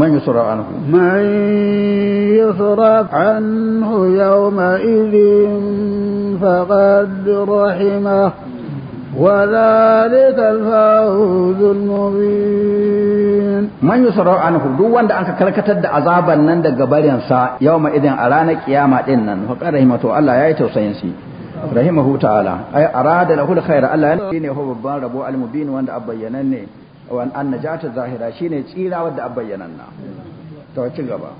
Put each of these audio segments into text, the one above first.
من يصرف عنه من يصرف عنه يومئذ فقد رحمه وذلك الفوز المبين من يصرف عنه duk wanda anka karkatar da azaban nan daga barin sa yawma idan a ranar kiyama din nan fa qarahimatu Allah yayi tausayin shi rahimahu ta'ala ay arada lahu alkhair Allah ne ho babban rabo almubin wanda abayyanan ne wa an najata zahira shine tsira wadda abbayyanan na to ci gaba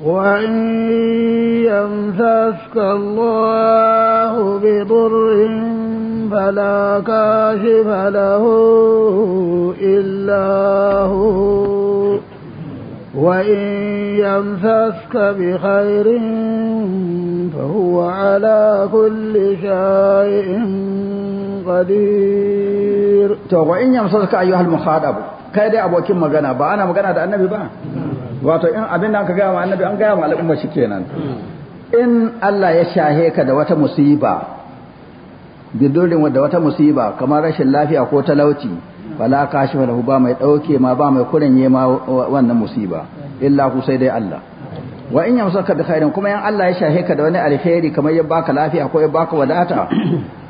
wa in yamsaska Allah bi durrin fala kashifa lahu illa hu wa in yamsaska bi khairin فهو على كل شيء qadir to wa in yamsaka ayyuhal mukhadab kai dai abokin magana ba ana magana da annabi ba wato in abin da aka gaya ma annabi an gaya ma al'umma shi kenan in Allah ya shahe ka da wata musiba bidurin da wata musiba kamar rashin lafiya ko talauci wala kashifa lahu ba mai dauke ma ba mai kuranye ma wannan musiba illa ku sai dai Allah wa in yamsaka da khairin kuma in Allah ya shahe ka da wani alheri kamar ya baka lafiya ko ya baka wadata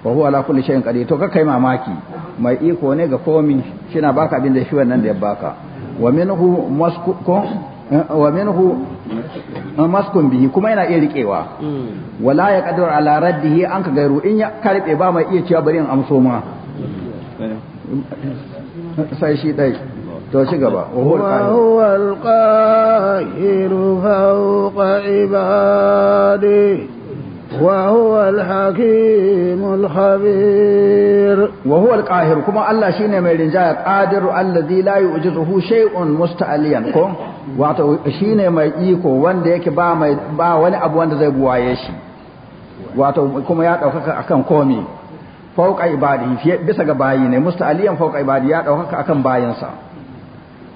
wa huwa ala kulli shay'in qadir to ka kai mamaki mai iko ne ga komi shina baka abin da shi wannan da ya baka wa minhu masku eh, wa minhu maskun bihi kuma yana iya riƙewa mm. wala ya qadiru ala raddihi an ka gairu in ya karbe ba mai iya cewa bari in amso ma sai shi dai to shi gaba wa huwa al-qahiru fawqa ibadihi وهو الحكيم الخبير وهو القاهر كما الله شيني مي رنجايا قادر الذي لا يعجزه شيء مستعليا كم wato shine mai iko wanda yake ba mai wani abu wanda zai buwaye shi wato kuma ya daukaka akan komi fauka ibadi bisa ga bayi ne musta'aliyan fauka ibadi ya daukaka akan bayinsa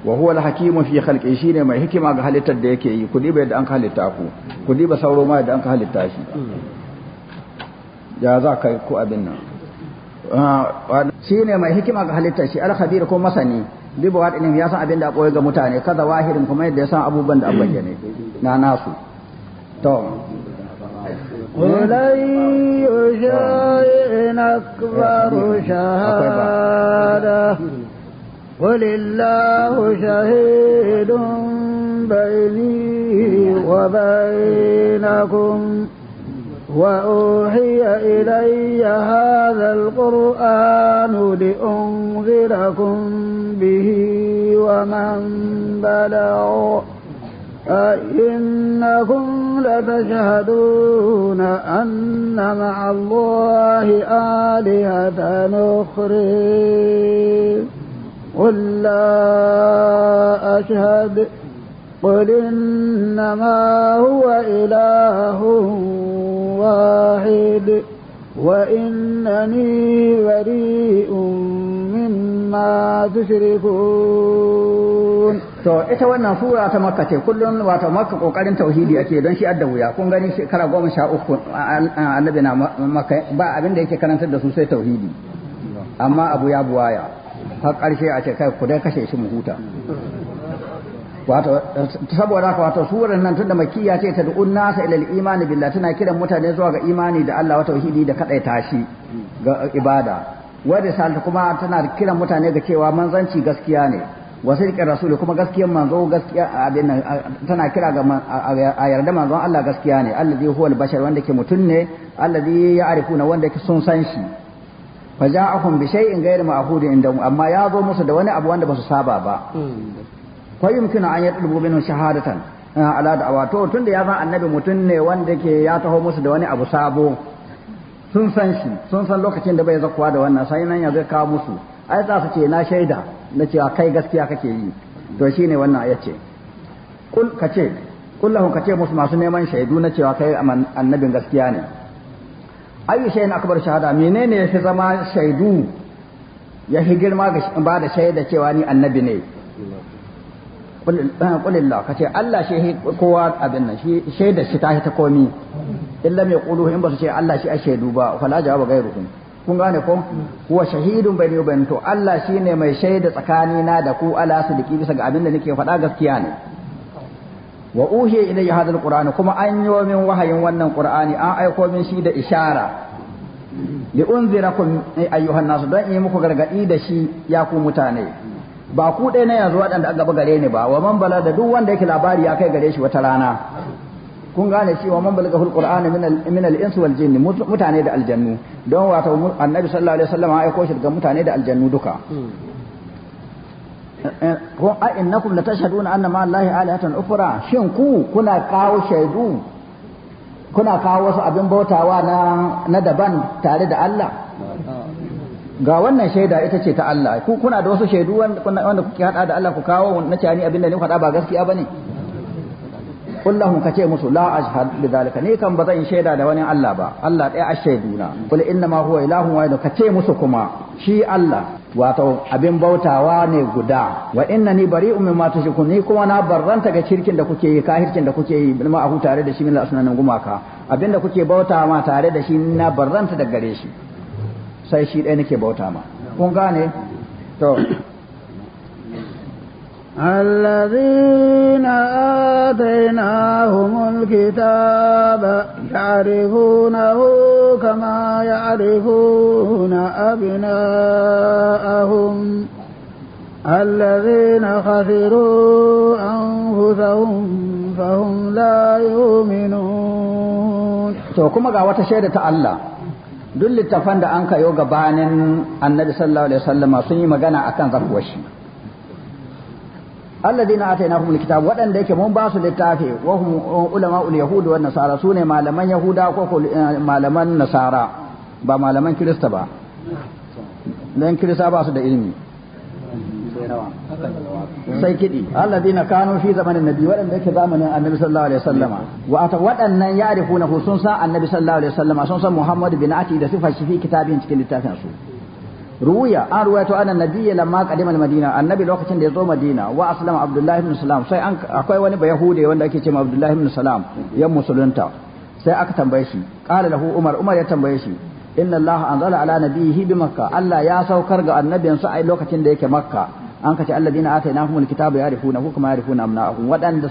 wa huwa al-hakimu fi khalqi shine mai hikima ga halittar da yake yi kudi bai da an halitta ku kudi ba sauro ma da an halitta shi ya za kai ku abin nan ah, shine mai hikima ga halittar shi al-khabir ko masani bi ba wadin ya san abin da koyi ga mutane kaza wahirin kuma yadda ya san abubuwan da abban ne na nasu to ولن يشاء أكبر شهادة قل الله شهيد بيني وبينكم وأوحي إلي هذا القرآن لأنذركم به ومن بلغ أئنكم لتشهدون أن مع الله آلهة أخرين قل لا أشهد قل إنما هو إله واحد وإنني بريء مما تشركون to ita wannan sura ta makka ce kullum wato makka kokarin tauhidi yake don shi adda wuya kun gani shekara goma sha uku annabi na makka ba abin da yake karantar da su sai tauhidi amma abu ya buwaya har ƙarshe a ce kai ku dai kashe shi mu huta wato saboda haka wato surar nan tunda makiyya ce ta du'un nasa ilal imani billahi tana kiran mutane zuwa ga imani da Allah wa tauhidi da kadai tashi ga ibada wa salta kuma tana kiran mutane ga cewa manzanci gaskiya ne wa sirqi rasuli kuma gaskiyan manzo gaskiya abin nan tana kira ga a yarda manzon Allah gaskiya ne allazi huwa al-bashar wanda ke mutun ne allazi ya'rifuna wanda ke sun san shi fa ja'ahum bi shay'in ghayri ma'hud inda amma ya zo musu da wani abu wanda ba su saba ba fa yumkinu an yatlubu minhu shahadatan eh, ala da'awa to tunda ya san annabi mutum ne wanda ke ya taho musu da wani abu sabo sun san shi sun san lokacin da bai zakuwa da wannan sai nan ya zai kawo musu ai za su ce na shaida na cewa kai gaskiya kake yi to shine wannan ya ce kul kace kullahu kace musu masu neman shaidu na cewa kai annabin gaskiya ne ayi shay'in akbar shahada menene ya fi zama shaidu ya fi girma ga ba da shaida cewa ni annabi ne ka eh, kace Allah shi kowa abin nan shi shaida shi tashi ta komi illa mai qulu in ba su ce Allah shi a shaidu ba fala jawaba gairukum kun gane ko huwa shahidun bayni wa bainakum to Allah shine mai shaida tsakanina da ku ala sidiki bisa ga abin da nake faɗa gaskiya ne wa uhiya ilayya hadal qur'an kuma an yi min wahayin wannan qur'ani an aiko min shi da ishara li unzirakum ayyuhan nasu dan yi muku gargadi da shi ya ku mutane ba ku dai na yanzu waɗanda aka gaba gare ni ba wa man bala da duk wanda yake labari ya kai gare shi wata rana kun gane cewa man balaga hul qur'ani min al min al ins wal jinn mutane da aljannu don wato annabi sallallahu alaihi wasallam ya aiko shi ga mutane da aljannu duka ko eh, a innakum la tashhaduna anna ma allahi alihatan ukhra shin ku kuna kawo shaidu kuna kawo wasu abin bautawa na na daban tare da Allah ga wannan shaida ita ce ta Allah ku kuna da wasu shaidu wanda kuke hada da Allah ku kawo na ce ni abin da ni faɗa ba gaskiya bane kullahum kace musu la ashhad bidhalika ni kan bazan shaida da wani Allah ba Allah ɗaya a shaiduna kul inna ma huwa ilahun wahid kace musu kuma shi Allah wato abin bautawa ne guda wa inna ni bari ummin ma tushriku ni kuma na barranta ga shirkin da kuke yi kahirkin da kuke yi ma aku tare da shi min asnanan gumaka abinda kuke bauta ma tare da shi na barranta da gare shi sai shi ɗaya nake bauta ma kun gane to الذين آتيناهم الكتاب يعرفونه كما يعرفون أبناءهم الذين خسروا أنفسهم فهم لا يؤمنون to kuma ga wata shaida ta Allah duk littattafan da an kayo gabanin annabi sallallahu alaihi wasallama sun yi magana akan zakuwar shi alladina atainahumul kitab waɗanda yake mun ba su littafi wa hum ulama'ul yahud wa nasara sune malaman yahuda ko eh, malaman nasara ba malaman kirista ba dan kirista ba su da ilimi sai kidi alladina kanu fi zamanin nabi waɗanda yake zamanin annabi sallallahu alaihi wasallama wa ata waɗannan ya'rifuna sun san annabi sallallahu alaihi wasallama sun san muhammad bin ati da sifar shi fi kitabin cikin littafin su ruya an ruwaito ana nabiyyi lamma qadimal madina annabi lokacin da ya zo madina wa aslama abdullahi ibn salam sai an akwai wani bayahude wanda ake cewa abdullahi ibn salam ya musulunta sai aka tambaye shi qala lahu umar umar ya tambaye shi inna allaha anzala ala nabiyhi bi makka allah ya saukar ga annabinsa a lokacin da yake makka an ka alladina atainahumul kitaba ya'rifunahu kama ya'rifuna abna'ahum wadanda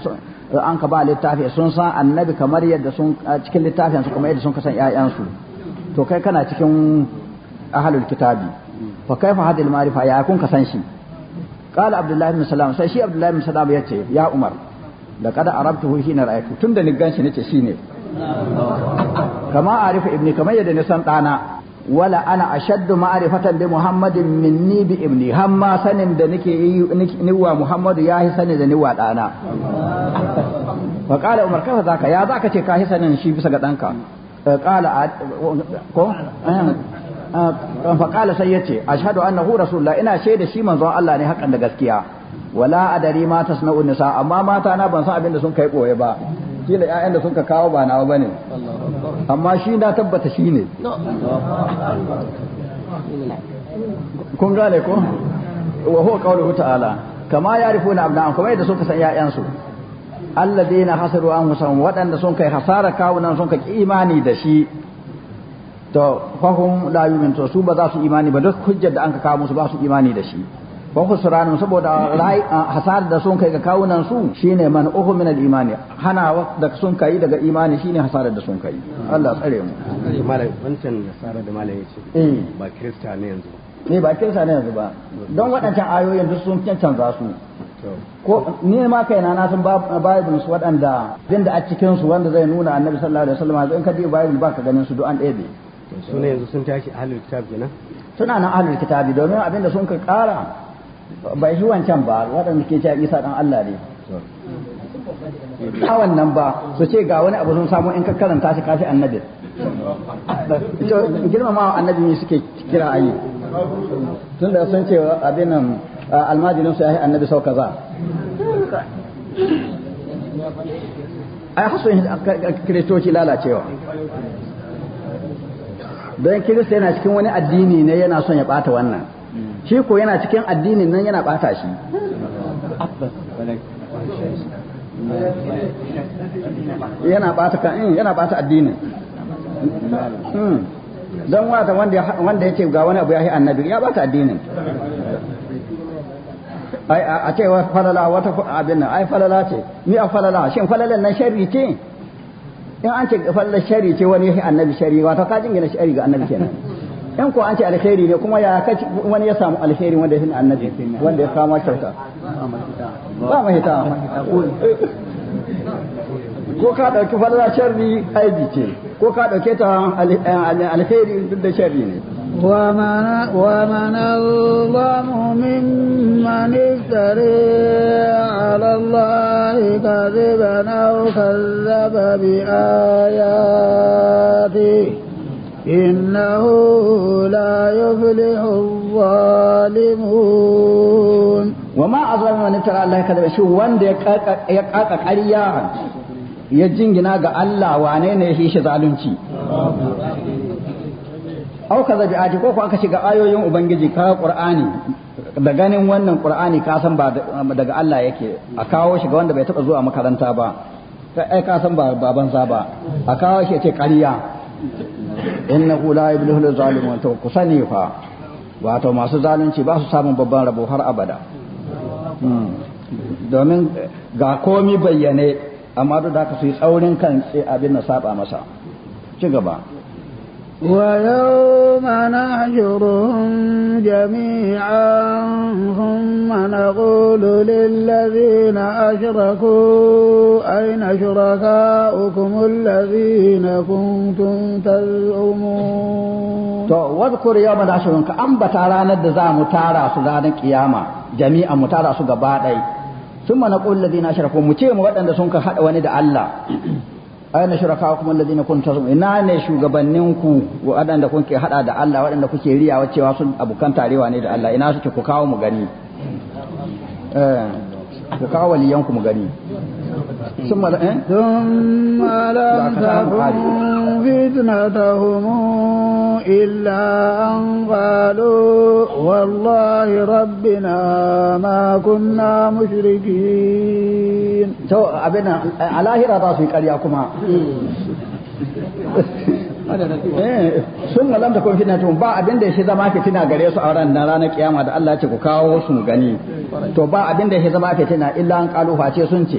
an ka ba littafi sun san annabi kamar yadda sun cikin littafin su yadda sun kasan ƴaƴansu to kai kana cikin ahlul kitabi fa kaifa hadil ma'rifa ya kun kasan shi qala abdullahi ibn salam sai shi abdullahi ibn salam yace ya umar da kada arabtuhu hina ra'aytu tunda ni ganshi nace ne. kama arifa ibni kama yadda ni san dana wala ana ashaddu ma'rifatan bi muhammadin minni bi ibni hamma sanin da nake yi ni wa muhammadu yahi sanin da ni wa dana fa qala umar kafa zaka ya zaka ce ka hi sanin shi bisa ga danka qala ko faƙala sai ya ce ashhadu annahu rasulullah ina shaida shi manzo Allah ne hakan da gaskiya wala adari ma tasna'un nisa amma mata na ban san abin da sun kai koye ba kila ƴaƴan da sun ka kawo ba nawa bane amma shi na tabbata shi ne kun gane ko wa huwa qawluhu ta'ala kama yarifuna abna'an kuma yadda suka san ƴaƴansu alladheena hasaru anfusahum waɗanda sun kai hasara kawunan sun ka imani da shi to fahum la yu'min to su ba za su imani ba duk hujjar da an kawo musu ba su imani da shi ba ku khusranum saboda rai hasar da sun kai ga kawunan su shine man uhu min al-imani hana da sun kai daga imani shine hasarar da sun kai Allah tsare mu malai wancan hasarar da malam yace eh. ba kirista ne yanzu ne ba kirista ne yanzu ba don waɗancan ayoyin duk sun cancanza su ko ni ma kaina na san bible su wadanda din da a cikin su wanda zai nuna annabi sallallahu alaihi wasallam in ka bi bible ba ka ganin su duk an ɗaya suna yanzu sun tashi ahlul kitab kenan suna nan ahlul kitab domin abinda sun ka kara bai shi wancan ba waɗanda ke cewa Isa dan Allah ne a wannan ba su ce ga wani abu sun samu in ka karanta shi kafi annabi girmama annabi ne suke kira ayi tun da sun ce abinan almajirin su ya yi annabi sau kaza ai hasu kiristoci lalacewa don kirista yana cikin wani addini ne yana son ya bata wannan shi ko yana cikin addinin nan yana bata shi yana bata kan mm, yana bata addinin mm. don wata wanda ya ce ga wani abu ya yi annabi ya bata addinin a ce falala wata abin nan ai falala ce ni a falala shin falalan nan sharri ce in an ce fallar shari ce wani ya annabi shari wato ka jingina shari ga annabi kenan in ko an ce alheri ne kuma ya kaci wani ya samu alheri wanda ya annabi wanda ya kama kyauta ba hita ko ka dauki fallar shari aibi ce ko ka dauke ta eh, alheri duk da shari ne ومن, ومن الله ممن افتري على الله كذبا أو كذب بآياته إنه لا يفلح الظالمون وما أظلم من افترى الله كذبا شو وان يقاك قريا يجنجنا قال الله وانين يشيش ظالمتي Auka kaza ko ko aka shiga ayoyin ubangiji ka qur'ani da ganin wannan qur'ani ka san ba daga Allah yake a kawo shi ga wanda bai taba zuwa makaranta ba kai ka san ba baban sa ba a kawo shi ce ƙarya innahu la yublihul zalimun to ku sani fa wato masu zalunci ba su samun babban rabo har abada hmm. domin ga komi bayyane amma duk da ka su yi tsaurin kan abin na saba masa ci gaba ويوم نحشرهم جميعا ثم نقول للذين أشركوا أين شركاؤكم الذين كنتم تزعمون to واذكر يوم نحشرهم كأنبتا ranar da za mu tara su ranar kiyama jami'an mu tara su gaba ɗaya ثم نقول الذين أشركوا mu ce mu waɗanda sun ka haɗa wani da Allah aina zina kunta su ina ne shugabanninku waɗanda kuke haɗa da Allah waɗanda kuke riyawa cewa sun abukan tarewa ne da Allah ina suke ku kawo mu gani eh, ku kawo waliyanku mu gani ثم لا ثم لم تكن فتنتهم إلا أن قالوا والله ربنا ما كنا مشركين تو أبنا على هيرا راسي قال يا كما sun lam ta kwamfina tun ba abin da ya zama fitina gare su a ran na ranar kiyama da Allah ya ce ku kawo su mu gani to ba abin da ya zama fitina illa an kalu face sun ce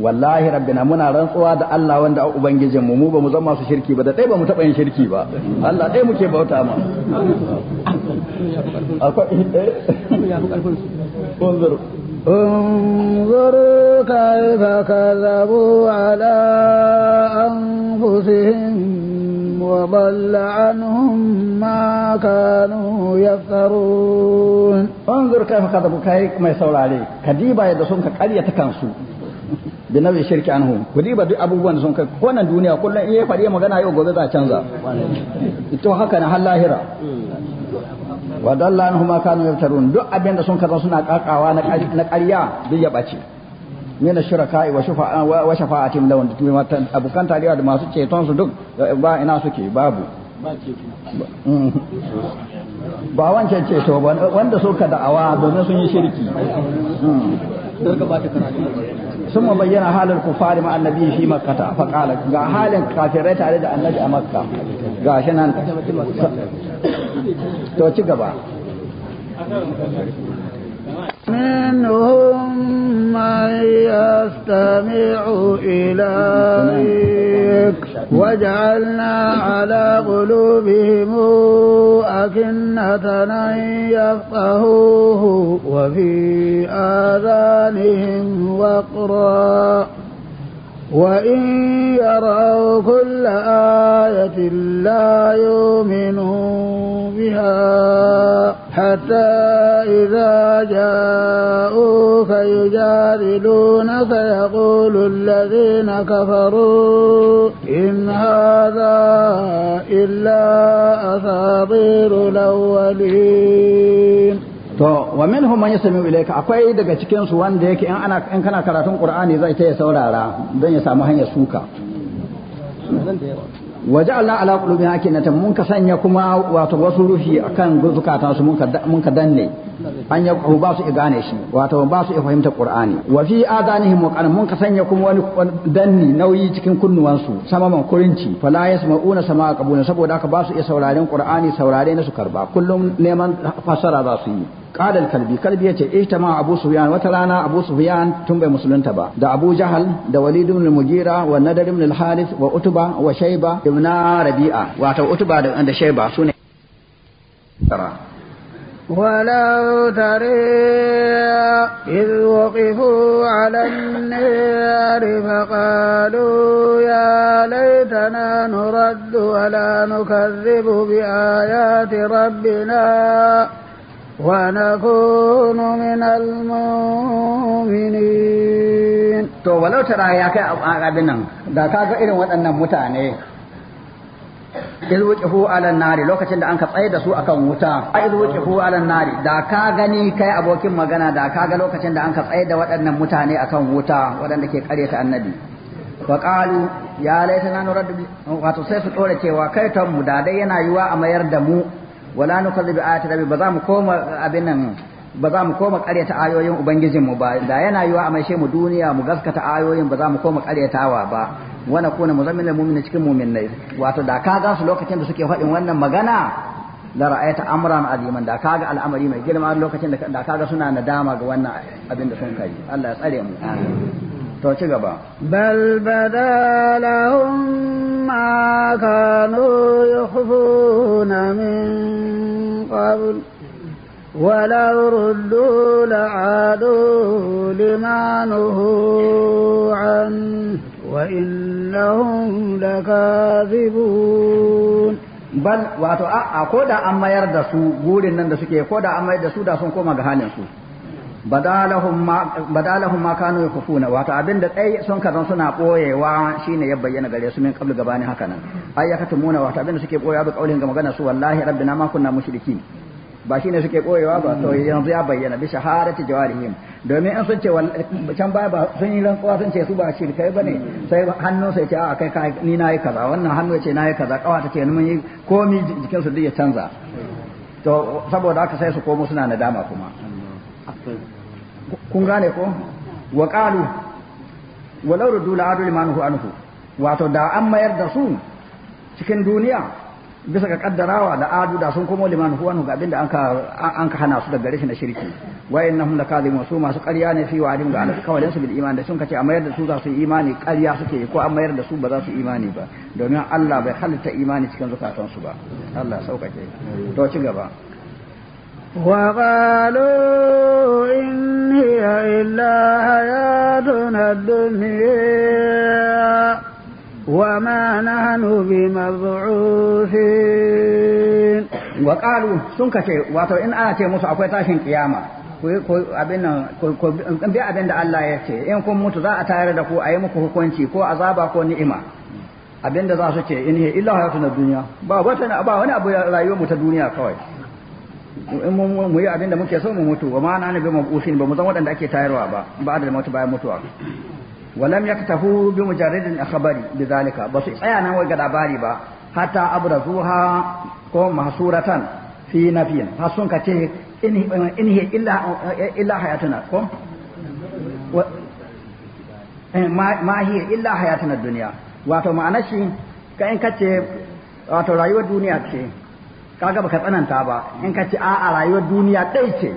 wallahi rabbina muna rantsuwa da Allah wanda a ubangijin mu mu ba mu zama masu shirki ba da dai ba mu taba yin shirki ba Allah dai muke bauta ma akwai eh? unzur انظر كيف كذبوا على أنفسهم وضل عنهم ما كانوا يفترون انظر كيف كذبوا كيف ما يسول عليه كديبا يدسون كقرية كانسو da nau'in shirki anhu ku diba duk abubuwan sun kai ko nan duniya kullum in ya faɗi magana yau gobe za a canza ito haka na har lahira wa dalla anhu ma kanu yaftarun duk abin da sun kaza suna kakawa na ƙarya duk ya bace min shuraka'i wa shufa'a wa shafa'atin lawan abukan tariya da masu ceton su duk ba ina suke babu ba wancan ceto ba wanda suka da'awa domin sun yi shirki sun ma bayyana halin kufari ma annabi shi makkata fa qala ga halin kafirai tare da annabi a makka ga shi nan to ci gaba منهم من يستمع إليك واجعلنا على قلوبهم أكنة أن يفقهوه وفي آذانهم وقرا وإن يروا كل آية لا يؤمنوا بها حتى إذا جاءوك يجادلونك يقول الذين كفروا إن هذا إلا أساطير الأولين to wa minhum man yasmi ilayka akwai daga cikin su wanda yake in ana in kana karatun qur'ani zai ta ya saurara don ya samu hanyar suka waje Allah ala qulubi hakinatan mun ka sanya kuma wato wasu rufi akan zukatan su mun ka danne an ya ba su igane shi wato ba su fahimta qur'ani wa fi adanihim waqan mun ka sanya kuma wani danni nauyi cikin kunnuwansu man kurinci fala yasma'una sama qabuna saboda haka ba su iya sauraren qur'ani saurare na su karba kullum neman fasara za su yi قال الكلبي كلبي يتي اجتمع ابو سفيان وترانا ابو سفيان تنبي مسلم تبا دا ابو جهل دا وليد بن المجيرة والندر بن الحارث Shaiba وشيبة ابن ربيعة واتو أتبة دا شيبة سنة ولو ترى إذ وقفوا على النار فقالوا يا ليتنا نرد ولا نكذب بآيات ربنا ونكون من المؤمنين to walau tara ya kai abin nan da kaga irin waɗannan mutane iz wuqifu ala nari lokacin da an tsaye da su akan wuta iz wuqifu ala nari da ka gani kai abokin magana da ka ga lokacin da an ka tsaye da waɗannan mutane akan wuta waɗanda ke kare ta annabi wa qalu ya laitana nurad wato sai su dore cewa kai tan mu da dai yana yiwa a mayar da mu wala nukazzibu ayati rabbi ba za mu koma abin nan ba za mu koma ƙaryata ayoyin ubangijinmu ba da yana yiwa a maishe mu duniya mu gaskata ayoyin ba za mu koma ƙaryatawa ba kuna nakuna muzammilal na cikin mu'minai wato da ka ga lokacin da suke faɗin wannan magana la ra'ayta amran aziman da kaga al'amari mai girma lokacin da da kaga suna nadama ga wannan abin da sun kai Allah ya tsare mu to ci gaba bal badalahum ma kanu min qabl ولو ردوا لعادوا لما وإنهم لكاذبون bal wato a ko da an mayar da su gurin nan da suke ko da an mayar da su da sun koma ga halin su badalahum ma kanu yakufuna wato abin da sun kaza suna boyewa shine ya bayyana gare su min qablu gabanin haka nan ay yakatumuna wato abin suke boyewa da kaulin ga magana su wallahi rabbina ma kunna mushrikin ba shine suke koyewa ba to yanzu ya bayyana bi shahadati jawarihim domin an sun can baya ba sun yi rantsuwa sun ce su ba shirkai bane sai hannun sai ce a kai kai ni nayi kaza wannan hannu ce nayi kaza kawa ta ce ni mun yi komi jikin su duk ya canza to saboda haka sai su komo suna nadama kuma kun gane ko wa qalu walau rudu la adu limanhu anhu wato da an mayar da su cikin duniya bisa ga kaddarawa da adu da sun komo liman huwa ga abinda anka anka hana su daga rashin shirki wa innahum lakazim su masu ƙarya ne fi wa'adin ga Allah kawai su bil iman da sun kace a mayar da su za su imani ƙarya suke ko a mayar da su ba za su imani ba domin Allah bai halitta imani cikin zukatan su ba Allah saukake to ci gaba وقالوا إن هي إلا حياتنا الدنيا وما نحن بمبعوثين وقالوا سنكتي واتو إن آتي موسى أكوي تاشين قيامة abin bi abin da Allah ya ce in kun mutu za a tayar da ku a yi muku hukunci ko azaba ko ni'ima abin da za su ce in illa hayatu na duniya ba wata ba wani abu rayuwar mu ta duniya kawai in mu yi abin da muke so mu mutu wa ma na nabi mabusin ba mu zan waɗanda ake tayarwa ba ba da mutu bayan mutuwa ولم يكتفوا بمجرد الخبر بذلك بس أنا وقد أباري با حتى أبرزوها كم محصورة في نفي حسن كتير إن هي إلا إلا حياتنا كم ma hiya illa hayatun duniya wato ma'ana shi ka in kace wato rayuwar duniya ce kaga baka tsananta ba in kace a a rayuwar duniya dai ce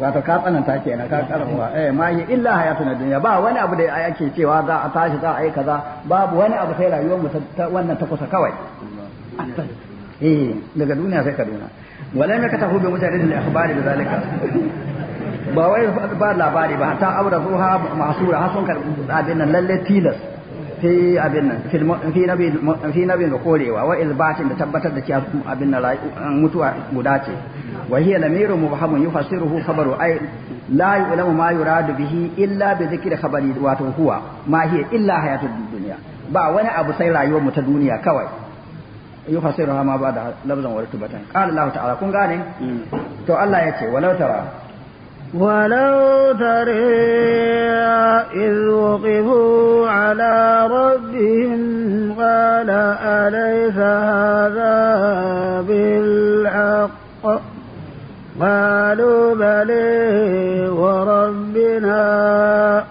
wato ka tsananta kenan ka karamwa eh ma hi illa hayatuna dunya ba wani abu da ake cewa za a tashi za a yi kaza babu wani abu sai rayuwar mu ta wannan ta kusa kawai eh daga duniya sai kaduna wala me ka tahu bi mutane da akhbari da zalika ba wai ba labari ba ta aura zuha masura hasan kar abin nan lalle tilas في أبن في في نبي في نبي نقولي وإثبات تثبت ذكي أبن لا متوى بداتي وهي لمير مبهم يفسره خبر أي لا يعلم ما يراد به إلا بذكر خبر واتو هو ما هي إلا حياة الدنيا با وانا أبو سيلا يوم تدنيا كوي يفسرها ما بعد لفظا ورتبة قال الله تعالى كن قال تو الله يتي ولو ترى ولو ترى إذ وقفوا على ربهم قال أليس هذا بالحق قالوا بلي وربنا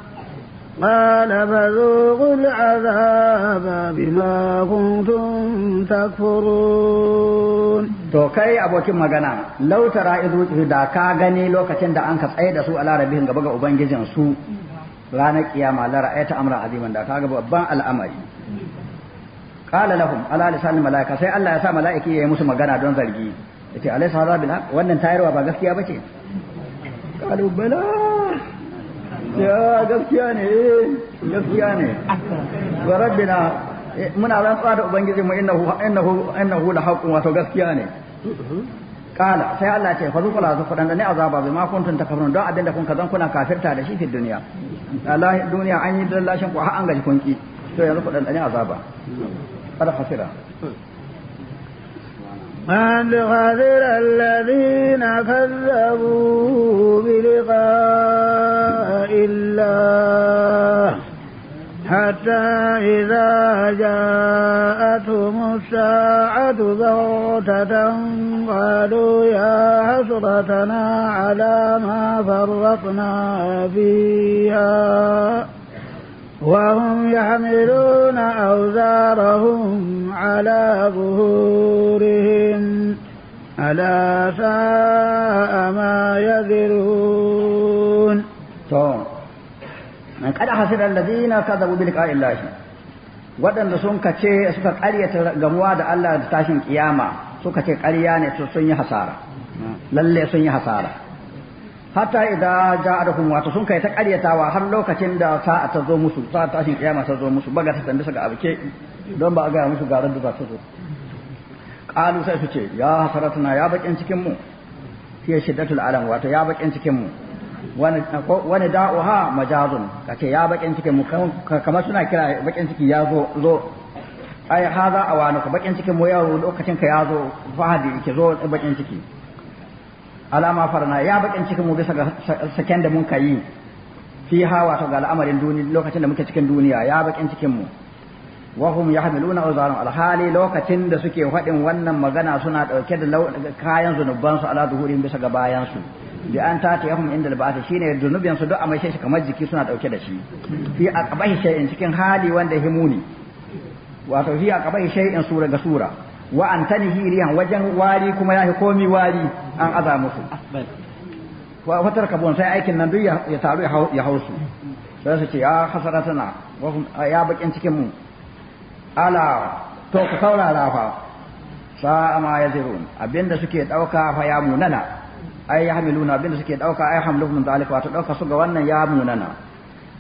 قال فذوقوا العذاب بما كنتم تكفرون to kai abokin magana lautara izu da ka gani lokacin da an ka tsaye da su ala rabihin gaba ga ubangijin su ranar kiyama la ra'ayta amra aziman da ka ga babban al'amari qala lahum ala lisanil malaika sai Allah ya sa malaiki yayi musu magana don zargi yace alaysa hadha bil haqq wannan tayarwa ba gaskiya bace qalu bala gaskiya ne gaskiya ne wa rabbina muna rantsuwa da ubangiji mu innahu innahu innahu la haqqun wato gaskiya ne kala sai Allah ce fa zuqala zu fadan ne azaba bi ma kuntum takfurun don abinda kun kazan kuna kafirta da shi fi duniya Allah duniya an yi dallashin ku har an gaji kun ki to yanzu dan ne azaba kada fasira قد خسر الذين كذبوا بلقاء الله حتى إذا جاءتهم الساعة بغتة قالوا يا حسرتنا على ما فرطنا فيها وهم يحملون أوزارهم على ظهورهم ألا ساء ما يذرون طيب. kada hasira alladina kadabu bi liqa'i illahi waɗanda sun kace suka ƙaryata gamuwa da Allah da tashin kiyama suka ce ƙarya ne to sun yi hasara lalle sun yi hasara hatta idan ja'akum wato sun kai ta ƙaryatawa har lokacin da sa'a ta zo musu sa'a tashin kiyama ta zo musu baga ta tambi ga abuke don ba a ga musu garan da za ta zo qalu sai su ce ya hasaratuna ya bakin cikin mu fi shiddatul alam wato ya bakin cikin mu wani da'uha majazun kace ya bakin cikin mu kamar suna kira bakin ciki ya zo zo ai a wani ka bakin cikin mu ya lokacin ka ya zo fahadi ke zo bakin ciki alama farna ya bakin cikin mu bisa ga saken da mun kai fi ha wato ga al'amarin duniya lokacin da muke cikin duniya ya bakin cikin mu wa hum yahmiluna awzarahum alhali lokacin da suke fadin wannan magana suna dauke da kayan zanubansu ala duhurin bisa ga bayansu da an ta ta yahum inda al shine zunubin su duk amai shi kamar jiki suna dauke da shi fi aqbahi shay'in cikin hali wanda himuni wato fi aqbahi shay'in sura ga sura wa antanihi riyan wajen wari kuma yahi komi wari an aza musu wa fatar kabon sai aikin nan duk ya taru ya hausu sai su ce ya hasaratana ya bakin cikin mu ala to ku saurara fa sa'a ma yazirun abinda suke dauka fa ya munana ai ya hamiluna abinda suke dauka ai mun zalika wato dauka su ga wannan ya munana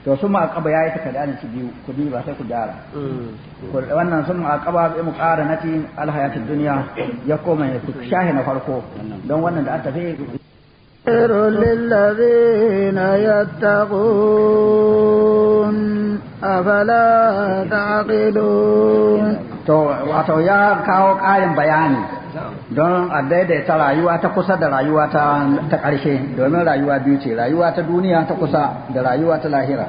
to sun ma aqaba yayi ta kadan ci biyu ku bi ba sai ku gyara mm. wannan sun ma aqaba bi muqaranati alhayatid dunya ya koma ya ku shahi na farko don wannan da aka sai خير للذين يتقون أفلا تعقلون to wato ya kawo ƙarin bayani don a daidaita rayuwa ta kusa da rayuwa ta ta ƙarshe domin rayuwa biyu ce rayuwa ta duniya ta kusa da rayuwa ta lahira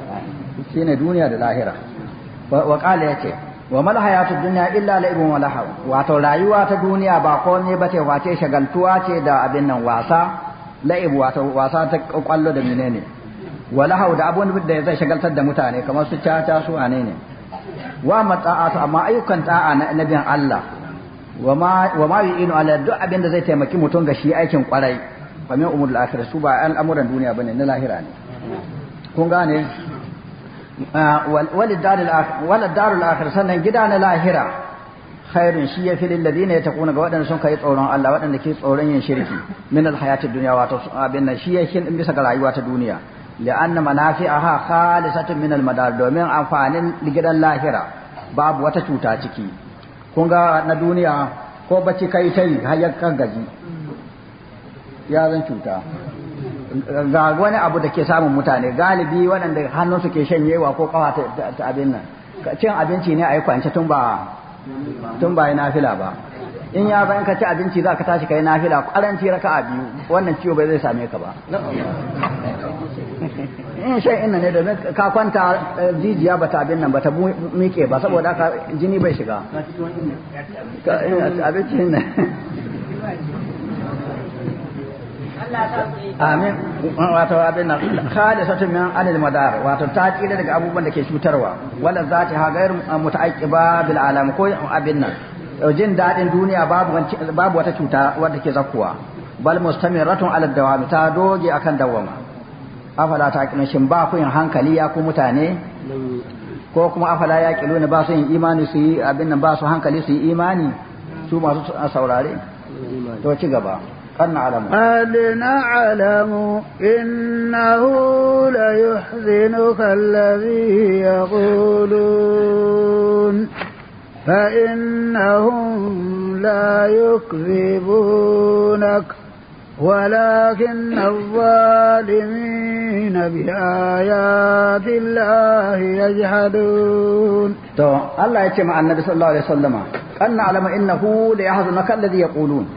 shine duniya da lahira wa qala yace wa mal hayatu dunya illa la'ibun wa lahaw wato rayuwa ta duniya ba komai ce wace shagaltuwa ce da abin nan wasa la'ib wato wasa ta kwallo da menene wa lahaw da abun da zai shagaltar da mutane kamar su caca su anene wa su amma ayyukan ta'a na nabin Allah wa ma yu'inu ala duk abin da zai taimaki mutum ga shi aikin kwarai fa min umurul akhirah su ba al'amuran duniya bane na lahira ne kun gane ah, Wani darul akhirah walid darul akhirah sannan gida na lahira khairun shi ya yafi lil ta kuna ga wadanda sun kai tsoron Allah waɗanda ke tsoron yin shirki min al duniya wato abin nan shi ya yake bisa ga rayuwa ta duniya li'anna manafi'aha khalisatun min al madar domin amfanin gidan lahira babu wata cuta ciki kun ga na duniya ko bacci ka ta yi har gaji ya zan cuta ga wani abu da ke samun mutane galibi waɗanda hannunsu ke shanyewa ko kawa ta abin nan cin abinci ne a yi kwance tun ba tun ba nafila ba in ya zan ka ci abinci za ka tashi ka yi nafila ƙaranci raka'a biyu wannan ciwo bai zai same ka ba in shan ina ne da ka kwanta eh, jijiya ba ta abin nan ba ta miƙe ba saboda ka jini bai shiga eh, abincin ne amin wato abin nan khalisatu min anil madar wato ta tsira daga abubuwan da ke cutarwa wala zati ha gair mutaqiba bil alam ko abin nan jin dadin duniya babu babu wata cuta wanda ke zakkuwa bal mustamiratun ala dawami ta doge akan dawama afala ta kina shin ba ku yin hankali ya ku mutane ko kuma afala ya kilo ne ba su yin imani su yi abin nan ba su hankali su yi imani su masu saurare to ci gaba قد نعلم قد نعلم إنه ليحزنك الذي يقولون فإنهم لا يكذبونك ولكن الظالمين بآيات الله يجحدون تو الله يتمع النبي صلى الله عليه وسلم أن نعلم إنه ليحزنك الذي يقولون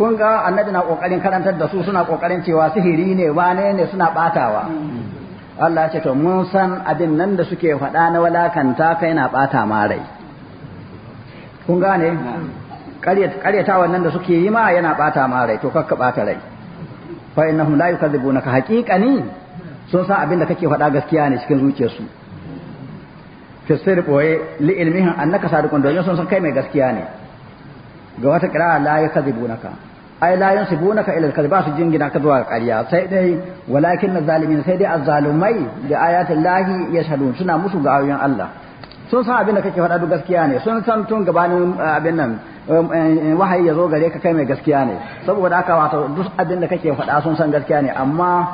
kun ga annabi na kokarin karantar da su suna kokarin cewa sihiri ne wane ne suna batawa Allah ce to mun san abin nan da suke faɗa na walakanta kai na bata ma rai kun gane ƙaryata wannan da suke yi ma yana ɓata ma rai to kakka ɓata rai fa innahum la yukadzibunaka haqiqani sun san abin da kake faɗa gaskiya ne cikin zuciyarsu tafsir boye li ilmihin annaka sadiqun don sun san kai mai gaskiya ne ga wata qira'a la yukadzibunaka ai la yansibunaka ila al su jingina ka zuwa ƙarya sai dai walakin zalimin sai dai azzalumai da ayatin lahi yashhadun suna musu ga ayoyin Allah sun san abin da kake faɗa duk gaskiya ne sun san tun gabanin eh, abin nan eh, wahayi ya zo gare ka kai mai gaskiya ne saboda haka wato duk abin da kake faɗa sun san gaskiya ne amma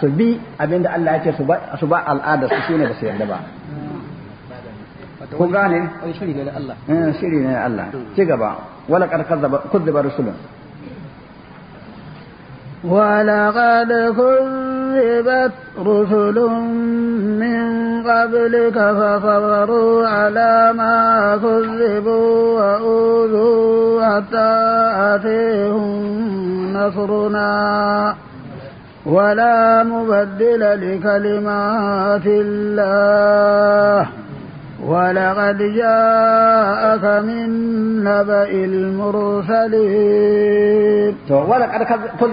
su bi abin da Allah ya ce su ba al'ada su shine ba su yarda ba kun gane shiri ne Allah eh, shiri ne Allah ci gaba wala qad kuzziba rusulun ولقد كذب كذبت رسل من قبلك فصبروا على ما كذبوا وأوذوا حتى أتيهم نصرنا ولا مبدل لكلمات الله ولقد جاءك من نبأ المرسلين تو ولقد كذب ka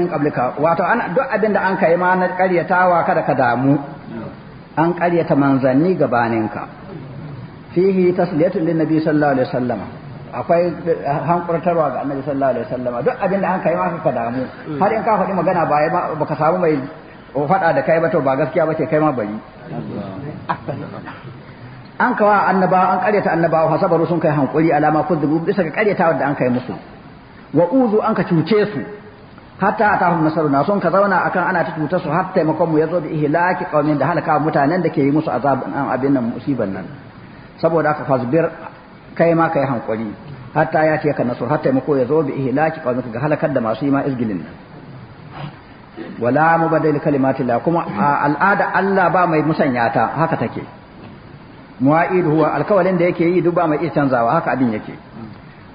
من قبلك واتو انا دو دا duk abin da an kai ma na ƙaryatawa kada ka damu an ƙaryata manzanni gabaninka fihi tasliyatun lin nabi ga annabi sallallahu alaihi wasallam duk abin da an kai ma ka damu har in ka faɗi magana ba baka samu mai faɗa da kai ba to ba gaskiya ba ce kai ma bari an kawa annabawa an karyata annabawa fa sabaru sun kai hankuri alama kuzzubu bisa ga karyata wanda an kai musu wa uzu an ka cuce su hatta atahum nasaruna sun ka zauna akan ana ta cuta su har taimakon mu yazo bi ihlaki qaumin da halaka mutanen da ke yi musu azabin an abin nan musiban nan saboda aka fasbir kai ma kai hankuri hatta ya ce ka nasur har taimako yazo bi ihlaki qaumin ga halakar da masu yi ma izgilin nan wala mubaddal kalimatillah kuma al'ada Allah ba mai musanya ta haka take muwa'id huwa alkawalin da yake yi duk ba mai iya canzawa haka abin yake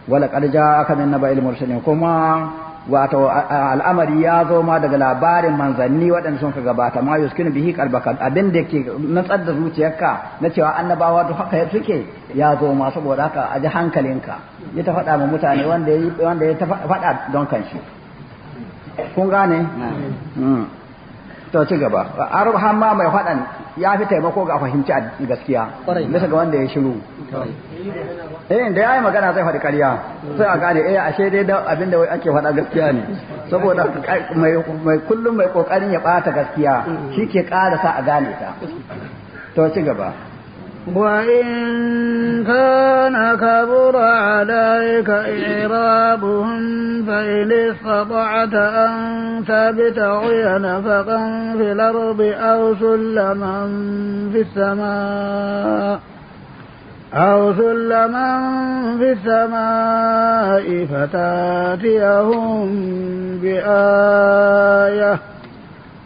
wala qad ja'aka min naba'il mursalin kuma wato al'amari ya zo ma daga labarin manzanni waɗanda sun ka gabata ma yuskin bihi qalbaka abin da ke natsar da zuciyarka na cewa annabawa duk haka suke ya zo ma saboda haka a ji hankalinka ya ta faɗa ma mutane wanda ya wanda ta faɗa don kanshi kun gane mm. to ci gaba arhan ma mai faɗan ya fi taimako ga fahimci a gaskiya bisa ga wanda ya shiru eh da yayi magana zai faɗi ƙarya sai a gane eh ashe dai da abinda wai ake faɗa gaskiya ne saboda mai kullum mai kokarin ya bata gaskiya mm. shi ke ƙara sa a gane ta to ci gaba وإن كان كبر عليك إعرابهم فإن استطعت أن تبتغي نفقا في الأرض أو سلما في السماء أو سلما في السماء فتاتيهم بآية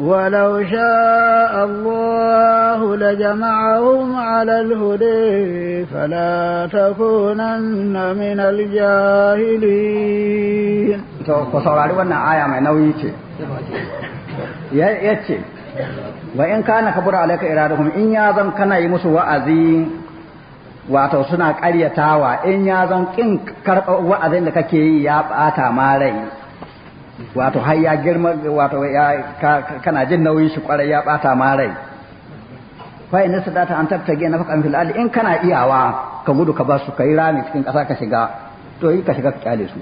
ولو شاء الله لجمعهم على الهدى فلا تكونن من الجاهلين ku saurari wannan aya mai nauyi ce ya ce wa in kana kabura alaika iraduhum in ya zan kana yi musu wa'azi wato suna ƙaryatawa in ya zan kin karɓar wa'azin da kake yi ya ɓata ma rai wato har ya girma wato ya kana jin nauyin shi kwarai ya bata ma rai fa inna sadata an tabtage na fakan fil in kana iyawa ka gudu ka ba su kai rami cikin kasa ka shiga to yi ka shiga ka kyale su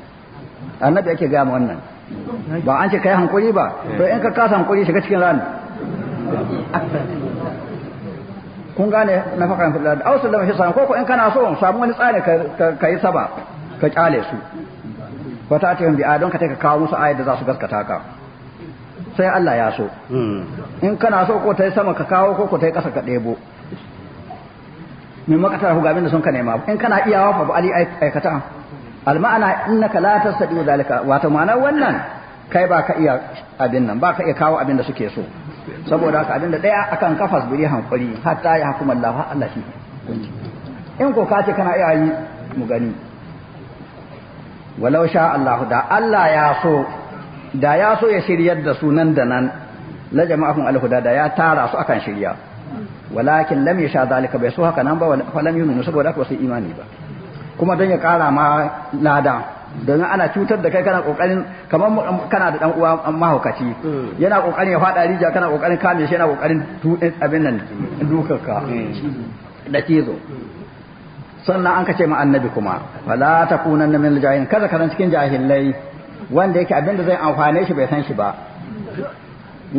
annabi yake ga mu wannan ba an ce kai hankuri ba to in ka kasa hankuri shiga cikin rami kun gane na fakan fil ardi aw sallama shi ko ko in kana so samu wani tsari ka yi saba ka kyale su wata ta yin bi'a don ka ta kawo musu ayar da za su gaskata ka sai Allah ya so hmm. in kana so ko ta yi sama ka kawo ko ko ta yi ƙasa ka ɗebo mai makata ku gamin da sun ka nema in kana iyawa fa ali aikata alma'ana innaka la tasdi dalika wato ma'ana wannan kai ba ka iya abin nan ba ka iya kawo abin da suke so saboda haka abin da daya akan kafas buri hankuri hatta ya hukuma Allah Allah shi in ko ka ce kana iya yi mu gani walau sha Allah da Allah ya so da ya so ya shiryar da sunan da nan la jama'ahum alhuda da ya tara su akan shirya walakin lam yasha zalika bai so haka nan ba falam yunu saboda haka sai imani ba kuma don ya kara ma lada don ana cutar da kai kana kokarin kamar kana da dan uwa mahaukaci yana kokarin ya fada rija kana kokarin kame shi yana kokarin tu abin nan dukarka da cizo sannan an kace ma annabi kuma wala takunanna min aljahilin kada kana cikin jahilai wanda yake abinda zai amfane shi bai san shi ba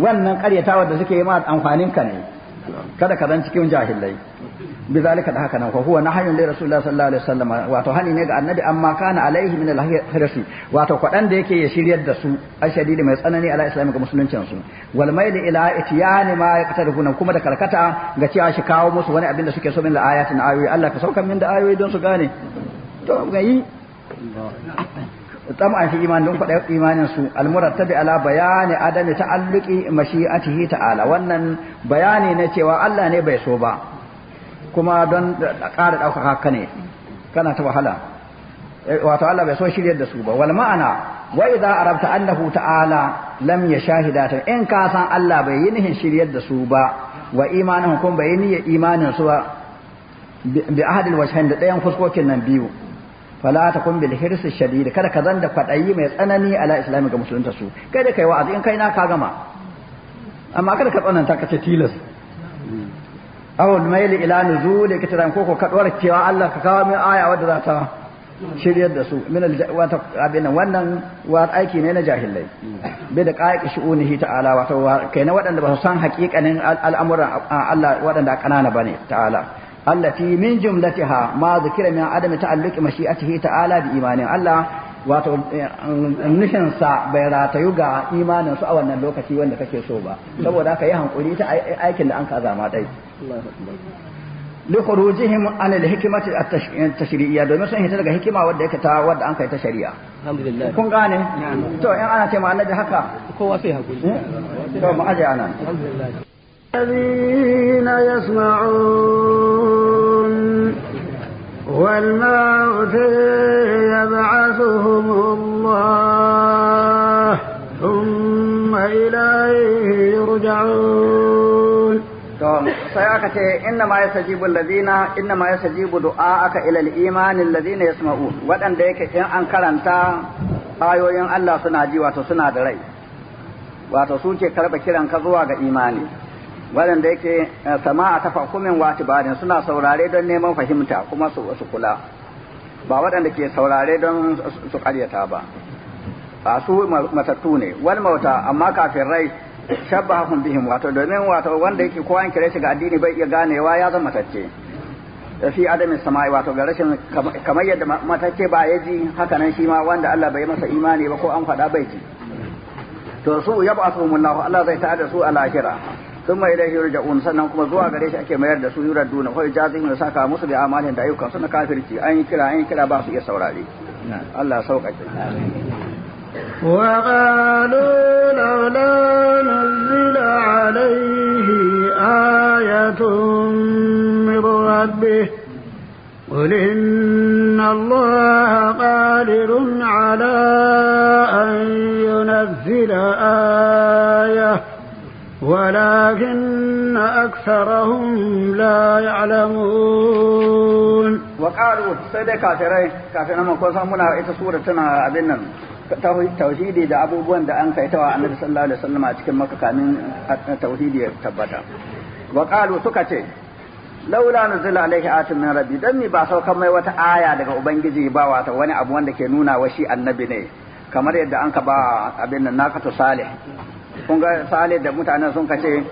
wannan karyatawa da suke yi ma amfanin ka ne kada ka cikin jahilai bizalika da haka nan ko huwa nahyun li rasulullah sallallahu alaihi wasallam wato hani ne ga annabi amma kana alaihi min al-hirsi wato kwadan da yake ya shiryar da su ashadidi mai tsanani ala islami ga musuluncin su wal mail ila itiyani ma yaqtarifuna kuma da karkata ga cewa shi kawo musu wani abin da suke so min ayatin ayoyi Allah ka sauka min da don su gane to ga yi tam an fi iman don faɗa imanin su almurattabi ala bayani adami ta'alluqi mashi'atihi ta'ala wannan bayani ne cewa Allah ne bai so ba kuma don ƙara ɗaukaka ka ne kana ta wahala eh, wato Allah bai so shirya da su ba wal ma'ana wa idza arabta annahu ta'ala lam yashahida ta in ka san Allah bai yi nihin shiryar da su ba wa imanin kun bai yi imanin su ba bi ahadil wajhain da ɗayan fuskokin nan biyu fala takun bil hirsi shadid kada ka zanda kwadayi mai tsanani ala islami ga musulunta su kai da kai wa'azi in kai na ka gama amma kada ka tsananta ka ce tilas aw maili ila nuzul kitran ko ko ka cewa Allah ka kawo min aya wadda za ta shiryar da su min wata abin wannan wa aiki ne na jahilai bai da qa'iq shu'unihi ta'ala wato kaina waɗanda ba su san haƙiƙanin al'amuran Allah waɗanda kanana bane ta'ala allati min jumlatiha ma zikira min adami ta'alluqi mashi'atihi ta'ala bi imanin Allah wato eh, nishin sa bai ratayu ga imanin su a wannan lokaci wanda kake so ba saboda haka yi hankuri ta aikin da an ka zama dai li khurujihim an al hikmati at eh, tashri'iyya domin sun hita daga hikima wadda yake ta wadda an kai ta shari'a alhamdulillah kun gane to in ana ce ma annabi haka kowa sai hakuri eh, to mu aje anan alhamdulillah الذين يسمعون والموت يبعثهم الله ثم إليه يرجعون sai aka ce inna ma yastajibu alladhina inna ma yastajibu du'aaka ila al-iman alladhina yasma'u wadanda yake in an karanta ayoyin Allah suna ji wato suna da rai wato su ke kiran ka zuwa ga imani waɗanda yake eh, a tafa fakumin wati barin suna saurare don neman fahimta kuma su wasu kula ba waɗanda ke saurare don su ƙaryata ba a su matattu ne wani mauta amma kafin rai shabba hakun bihin wato domin wato wanda yake kowa kire shi ga addini bai iya ganewa ya zama matacce fi adamin sama'i wato ga rashin kamar yadda matacce ba ya ji haka nan shi ma wanda Allah bai masa imani ba ko an faɗa bai ji to su yab'athuhumullahu Allah zai ta'ada su a lahira ثم إليه يرجعون sannan kuma zuwa gare shi ake mayar da su yuraduna wa yajazihim da saka musu bi amalin da ayyukan suna kafirci an yi kira an yi kira ba su iya saurare Allah sauƙaƙe وقالوا لولا نزل عليه آية من ربه قل إن الله قادر على أن ينزل آية ولكن أكثرهم لا يعلمون وقالوا صدق ترى كافرنا من قصة منا إيتا سورة تنا أبنا tauhidi da abubuwan da an kai tawa annabi sallallahu alaihi wasallam a cikin makka kamin tauhidi ya tabbata wa suka ce laula nuzila alaihi atun min rabbi dan mi ba saukar mai wata aya daga ubangiji ba wata wani abu wanda ke nuna wa shi annabi ne kamar yadda an ka ba abin nan nakatu salih kun ga sale da mutanen sun kace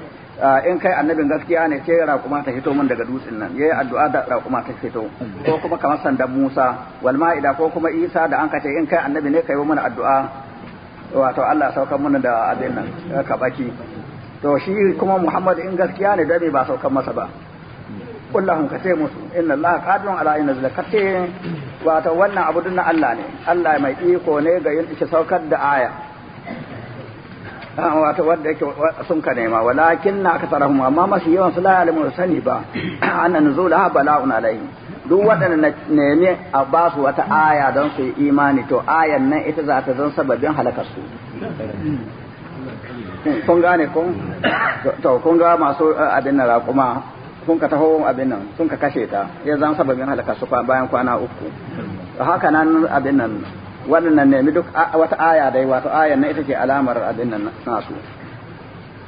in kai annabin gaskiya ne ce raƙuma ta fito mun daga dutsen nan yayi addu'a da raƙuma ta fito ko kuma kamar sandan Musa wal ma'ida ko kuma Isa da an kace in kai annabi ne kai mana addu'a wato Allah saukar mana da abin nan eh, baki to shi kuma Muhammad in gaskiya ne dai ba saukar masa ba kullahum ka ce musu inna Allah qadirun ala an ka ce wato wannan abu na Allah ne Allah mai iko ne ga yin shi saukar da aya Ah, wato wanda yake sun ka nema walakin na kuma amma masu yawan su la mu sani ba zo anna nuzulaha bala'un alaihim duk waɗanda nemi a ba su wata aya don su yi imani to ayan nan ita za ta zan sababin halakar su kun gane kun to kun ga masu eh, abin nan raƙuma kun ka taho abin nan sun ka kashe ta ya zan sababin halakar su bayan kwana uku haka nan abin nan waɗannan nemi duk wata aya dai wato aya na ita ce alamar abin nan nasu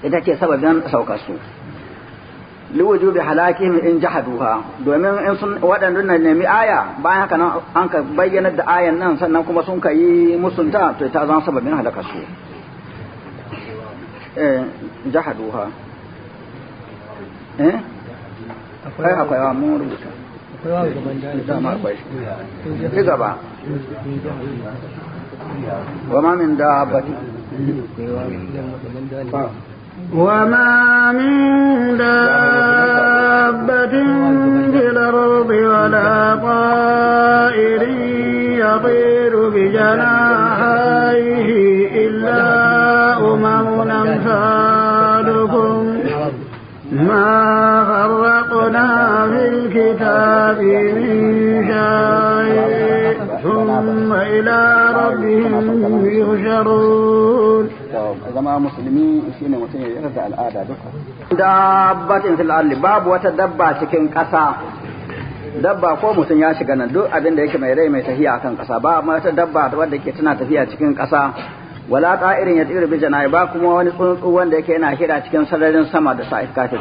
ita ce sababin saukar su liwujubi halakihim in jahaduha domin in sun wadannan na nemi aya bayan haka nan an ka bayyana da ayan nan sannan kuma sun ka yi musunta to ta zama sababin halakar su eh jahaduha eh akwai akwai akwai wa gaban akwai gaba وما من دابة وما من دابة في الأرض ولا طائر يطير بجناحيه إلا zama musulmi shine mutum ya yarda al'ada duka dabbatin fil babu wata dabba cikin ƙasa dabba ko mutum ya shiga nan duk abin da yake mai rai mai tafiya akan ƙasa ba amma wata dabba wadda ke tana tafiya cikin ƙasa wala ta'irin ya tsira bi jana'i ba kuma wani tsuntsu wanda yake yana hira cikin sararin sama da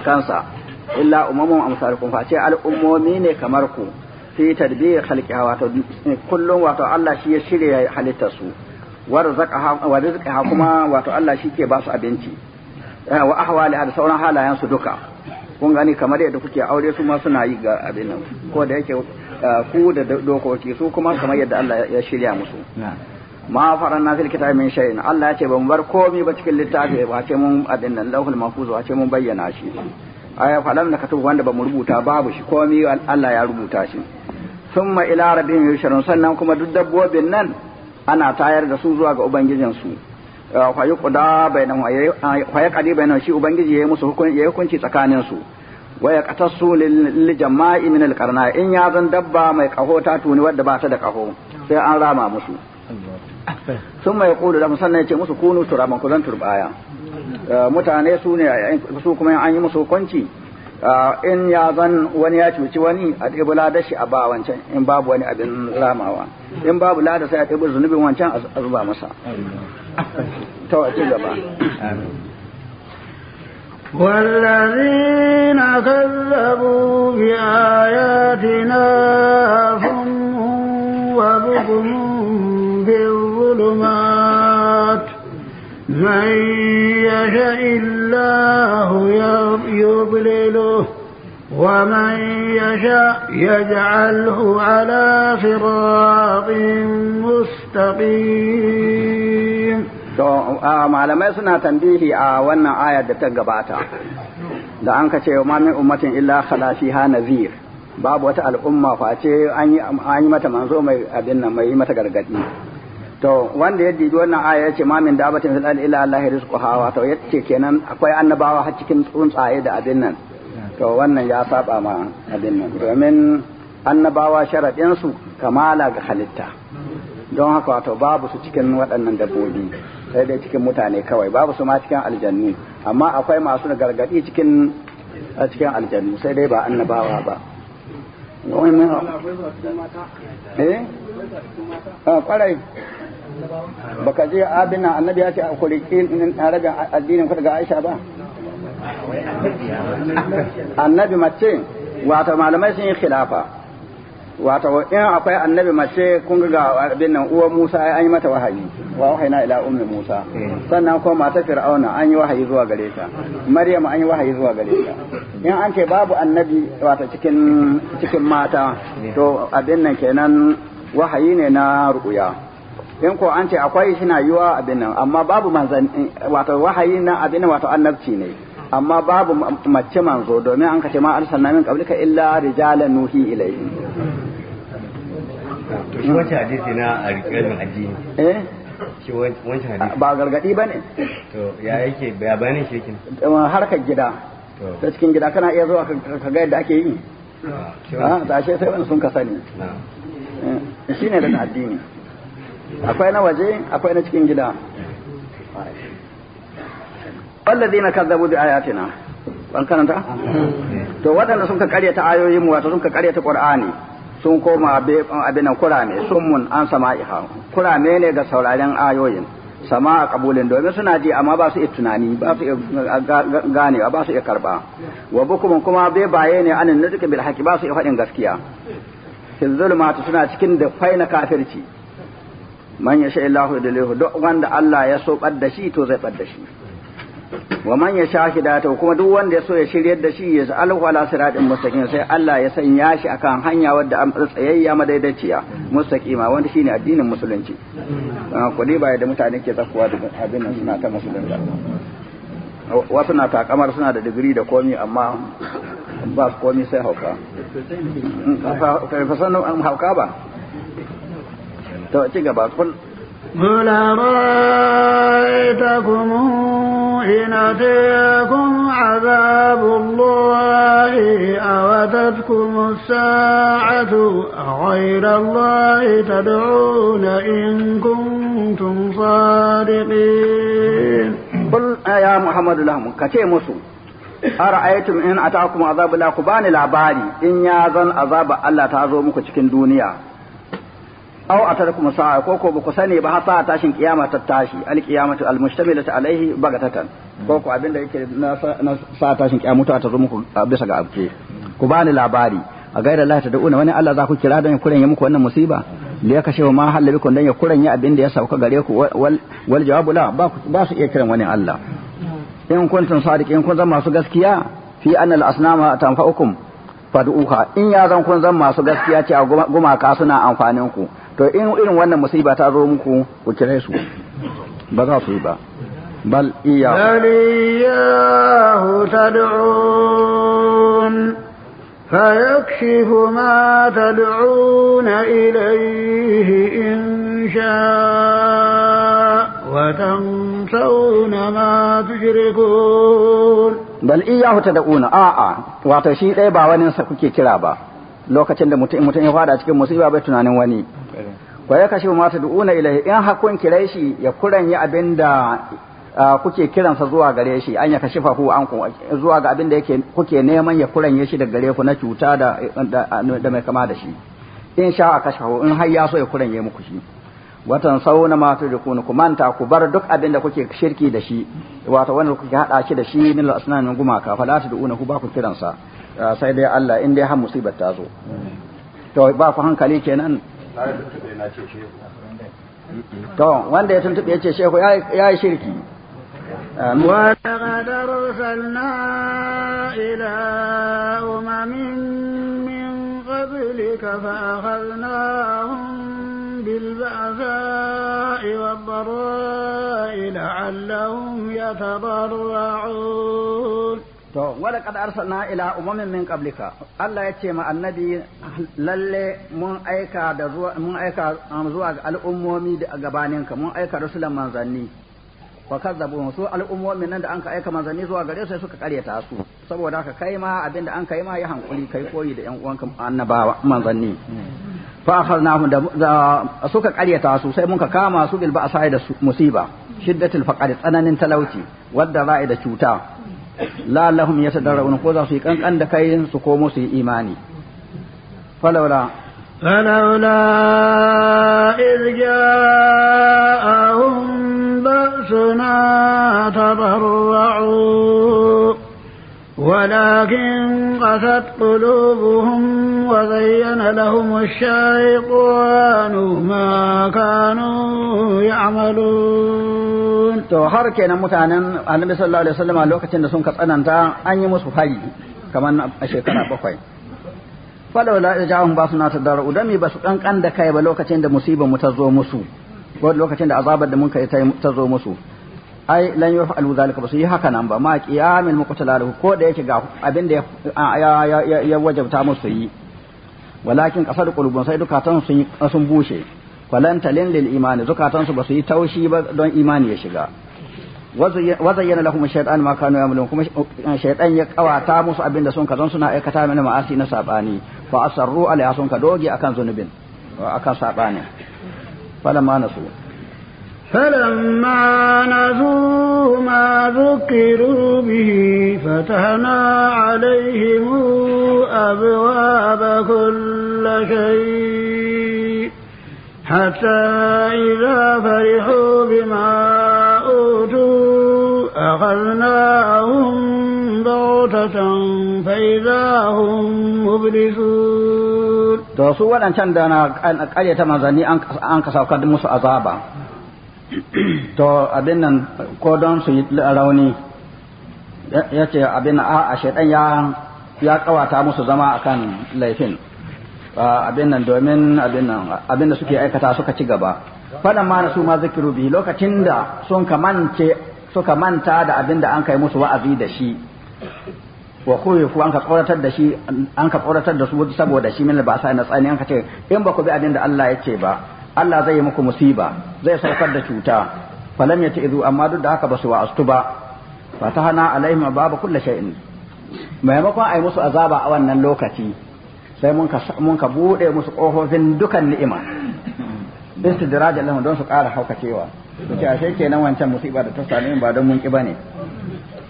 kansa illa umamun amsalukum fa ce al'ummomi ne kamar ku fi tadbir khalqiha wato kullum wato Allah shi ya shirya halittar su wa ha kuma wato Allah shi ke ba su abinci eh, wa ahwali da sauran halayen su duka kun gani kamar yadda kuke aure su ma suna yi ga abin nan ko da yake eh, ku da dokoki su kuma kamar yadda Allah ya shirya musu ma faran nasil kitabi min shay'in Allah ya ce ban bar komai ba cikin littafi ba ce mun abin nan lauhul mahfuz ba ce mun bayyana shi aya falam na katubu wanda ba mu rubuta babu shi komai Allah ya rubuta shi summa ila rabbihim yushrun sannan kuma duk dabbobin nan ana tayar da su zuwa ga ubangijinsu uh, fa yuqda bainahum kadi yaqdi bainahum shi ubangiji yi musu hukunci tsakanin su wa yaqtasu jama'i min al in ya zan dabba mai kaho ta tuni wadda ba ta da kaho sai an rama musu sun mai kudu da musanna ce musu kunu turaban ku turbaya uh, mutane su ne su kuma an yi musu hukunci Ah, in ya zan wani ya cuci wani a ɗibu ladar shi a ba wancan in babu wani abin ramawa in babu ladar sai a ɗibu zunubin wancan a zuba masa ta wace gaba والذين كذبوا بآياتنا هم وبكم بالظلمات من يشاء الله يضلله ومن يشاء يجعله على صراط مستقيم ما لم يسنى تنبيه وانا آية تقبعتا لأنك ما من أمة إلا خلا فيها نذير باب وتأل أمة فأتي أني متى منظومة أبنى ما يمتى قرقتني to wanda ya dibi wannan aya ce ma min dabatin fil ardi illa allahi rizquha wa to yace kenan akwai annabawa har cikin tsuntsaye da abin nan to wannan ya saba ma abin nan domin annabawa sharadin su kamala ga halitta don haka wato babu su cikin waɗannan dabbobi sai dai cikin mutane kawai babu su ma cikin aljannu amma akwai masu gargadi cikin cikin aljannu sai dai ba annabawa ba eh kwarai ah, baka je abin nan annabi ya ce a in tare da addinin ku daga Aisha ba annabi mace wato malamai sun yi khilafa wato in akwai annabi mace kun ga abin nan uwar Musa an yi mata wahayi wa wahayna ila ummi Musa sannan ko mata Fir'auna an yi wahayi zuwa gare ta Maryam an yi wahayi zuwa gare ta in an ce babu annabi wato cikin cikin mata to abin nan kenan wahayi ne na ruya in ko an ce akwai shi na yiwa abin nan amma babu manzan wato wahayi na abin wato annabci ne amma babu mace manzo domin an kace ma arsalna min qablika illa rijalan nuhi ilayhi to shi wace hadisi na alƙalin addini eh shi wancan hadisi ba gargadi bane to ya yake ya bayanin shi yake harkar gida ta cikin gida kana iya zuwa ka ga yadda ake yi a ah, tashe ah, sai wani sun ka sani eh, shine da addini akwai na waje akwai na cikin gida na kazzabu bi ayatina an karanta to waɗanda sun ka ta ayoyin wato sun ka ta qur'ani sun koma abin nan kurame sun mun an iha kurame ne ga sauraren ayoyin sama a kabulin domin suna ji amma ba su iya tunani ba su iya ganewa ba su iya karba wa bukum kuma bai baye ne anan nutuka bil haqi ba su iya faɗin gaskiya fi zulmatu suna cikin da faina kafirci man yasha Allahu yudlihu duk wanda Allah ya so badda shi to zai badda shi wa man yasha hidayata kuma duk wanda ya so ya shiryar da shi ya sa'alu ala siratin mustaqim sai Allah ya sanya shi akan hanya wadda an tsayayya madaidaciya mustaqima wanda shine addinin musulunci kudi ba da mutane ke tsakuwa da abin nan suna ta musulunta wasu na takamar suna da digiri da komi amma ba su komi sai hauka. Fasanin hauka ba? to ci gaba kul Mula ra'aita kumu ina tekun azabullahi a watat kumu sa'atu a ƙairallahi ta da'una in kuntum sadiqin. Kul ya Muhammadu Lahmu, ka musu, a ra'aitun in a ta kuma azabullahi ku bani labari in ya zan azabar Allah ta zo muku cikin duniya. aw atarakum sa'a ko ko ku sani ba har sa'a tashin kiyama ta tashi alqiyamatu almustamilatu alaihi bagatatan ko ko abinda yake na sa'a tashin kiyama ta zo muku bisa ga abke ku bani labari a gaira Allah ta da'una wani Allah za ku kira don ya kuren ya wannan musiba da ya kashe ma halabi kun don ya kuren ya abin da ya sauka gare ku wal jawabu ba su iya kiran wani Allah in kuntum sadiqin kun zama masu gaskiya fi anna al asnama tanfa'ukum fad'uha in ya zan kun zama masu gaskiya ce a gumaka suna amfanin ku to irin wannan musiba ta zo muku ku kire su ba za su yi ba bal iyahu tad'un فيكشف ما تدعون إليه إن شاء وتنسون ما تشركون بل a a wato shi dai ba wani sa kuke kira ba lokacin da mutum mutum ya fada cikin musiba bai tunanin wani wa ya kashi mata du'una ilahi in hakun kirai shi ya kuranye abinda kuke kiransa zuwa gare shi an ya kashi fahu an ku zuwa ga abinda yake kuke neman ya kuranye shi daga gare ku na cuta da da mai kama da shi in sha a kashahu in har ya so ya kuranye muku shi watan sauna ma tu dukun ku manta ku bar duk abinda kuke shirki da shi wato wanda kuke hada shi da shi min al-asnan gumaka fala tu du'una ku ba ku kiransa sai dai Allah in dai har musibar ta zo to ba ku hankali kenan to wanda ya tuntube yace shehu yayi shirki ولقد أرسلنا إلى أمم من قبلك فأخذناهم بالبأساء والضراء لعلهم يتضرعون to wala kad arsalna ila umamin min qablika Allah ya ce ma annabi lalle mun aika da zuwa mun aika um, zuwa ga al'ummomi da gabanin ka mun aika rasulan manzanni wa kazzabu su al'ummomin nan da anka aika manzanni zuwa gare su suka karyata su saboda haka kai ma abinda an kai ma ya hankuli kai koyi da yan uwanka annabawa manzanni fa akhadnahum da suka karyata su sai mun ka kama su bil ba'sa da musiba shiddatul faqr tsananin talauci wadda ra'i da cuta la'allahum yatadarrabun ko za su yi kankan da kai su komo su yi imani falawla فلولا إذ جاءهم بأسنا تضرعوا ولكن قست قلوبهم وزين لهم الشيطان ما كانوا يعملون to har kenan mutanen annabi sallallahu alaihi wasallam lokacin da sun ka tsananta an yi musu fari kamar a shekara bakwai falaula ijahum ba suna tadarru dan ba su kankan da kai ba lokacin da musibar mu ta zo musu ko lokacin da azabar da mun kai ta zo musu ai lan yaf'alu zalika basu yi haka nan ba ma qiyamil muqtalalahu ko da yake ga abin da ya wajabta musu yi walakin qasad qulubun sai dukatan sun sun bushe falan talin lil imani zukatan su basu yi taushi ba don imani ya shiga wazayyana lahum shaytan ma kanu ya'malun kuma shaytan ya kawata musu abin da sun kazan suna aikata mana ma'asi na sabani fa asarru alaiha sun ka doge akan zunubin akan sabani falamma nasu فلما نسوا ما ذكروا به فتحنا عليهم أبواب كل شيء حتى إذا فرحوا بما أوتوا أخذناهم بغتة فإذا هم مبلسون. To su waɗancan da na ƙaryata manzanni an ka saukar musu azaba. to abin nan ko don su yi rauni ya ce abin a a shaidan ya ya kawata musu zama akan laifin abin nan domin abin nan abin da suke aikata suka ci gaba fadan ma su ma zikiru bi lokacin da sun kamance suka manta da abin da an kai musu wa'azi da shi wa ku an ka tsoratar da shi an ka tsoratar da su saboda shi min ba sai na tsani an ka ce in ba ku bi abin da Allah ya ce ba Allah zai yi muku musiba zai saukar da cuta falam yatizu amma duk da haka basu wa'astu ba fatahana alaihim babu kulli shay'in maimakon ai musu azaba a wannan lokaci sai mun ka mun ka bude musu kofofin dukan ni'ima istidraj Allah don su ƙara haukacewa kace ashe kenan wancan musiba da ta same ba don mun ki bane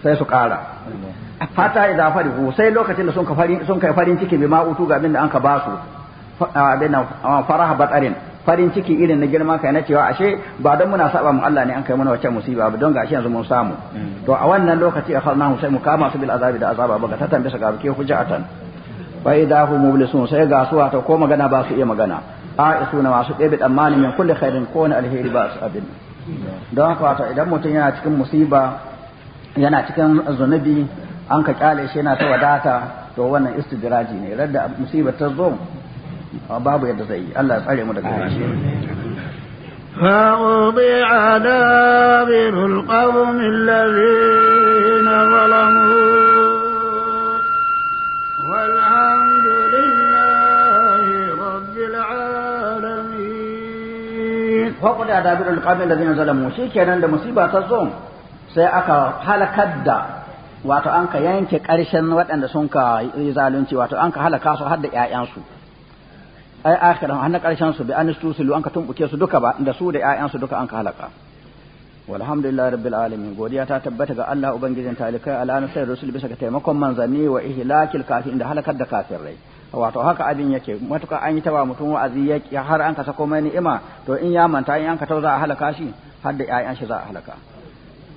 sai su ƙara fata idan farihu sai lokacin da sun ka farin sun kai farin ciki bi ma utu ga abin da an ka basu abin faraha batarin farin ciki irin na girma kai na cewa ashe ba don muna saba mu Allah ne an kai mana wacce musiba ba don gashi yanzu mun samu mm. to a wannan lokaci akhadnahu sai mu kama su bil azabi da azaba ba ta tambaye su ga ke hujjatan ba idza hu mublisun sai ga su ta ko magana ba su iya magana a isuna masu ɗebe tsammanin min kulli khairin ko na alheri ba su abin don haka wato idan mutum yana cikin musiba yana cikin zunubi an ka kyale shi yana ta wadata to wannan istidraji ne radda musibar ta zo babu yadda zai yi Allah ya tsare mu daga shi فوضع دابر القوم الذين ظلموا والحمد لله رب العالمين فوضع القوم الذين ظلموا شيء كان da musiba ta sai aka halakar da wato an ka yanke ƙarshen waɗanda sun ka zalunci wato an ka halaka su har da 'ya'yansu ai akhiran har na karshen su bi an tusulu an ka tumbuke su duka ba da su da ƴaƴan su duka an ka halaka Walhamdulillah rabbil alamin godiya ta tabbata ga Allah ubangijin talikai al'ana sai rusul bisa ga taimakon manzanni wa ihlakil kafirin da halakar da kafirai wato haka abin yake matuka an yi tawa mutum wa'azi yake har an ka sako mai ni'ima to in ya manta in an ka tauza a halaka shi har da ƴaƴan shi za a halaka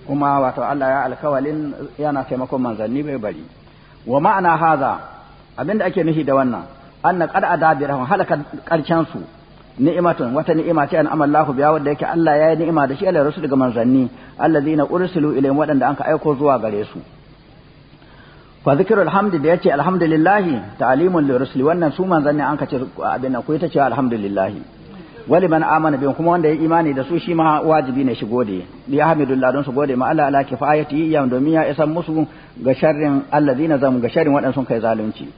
kuma wato Allah ya alkawalin yana taimakon manzanni bai bari wa ma'ana haza abinda ake nufi da wannan anna qad adabirahum halaka karcan su ni'matun wata ni'ima ce an amallahu biya wanda yake Allah ya yi ni'ima da shi Allah rasul ga manzanni allazina ursilu ilayhim wadanda anka aiko zuwa gare su fa zikru alhamdi da yace alhamdulillahi ta'limun lirrusul wannan su manzanni anka ce abin ku ita ce alhamdulillahi wali man amana bin kuma wanda ya imani da su shi ma wajibi ne shi gode li hamidullah don su gode ma Allah ala kifayati yam domin ya isan musu ga sharrin allazina zam ga sharrin wadansu kai zalunci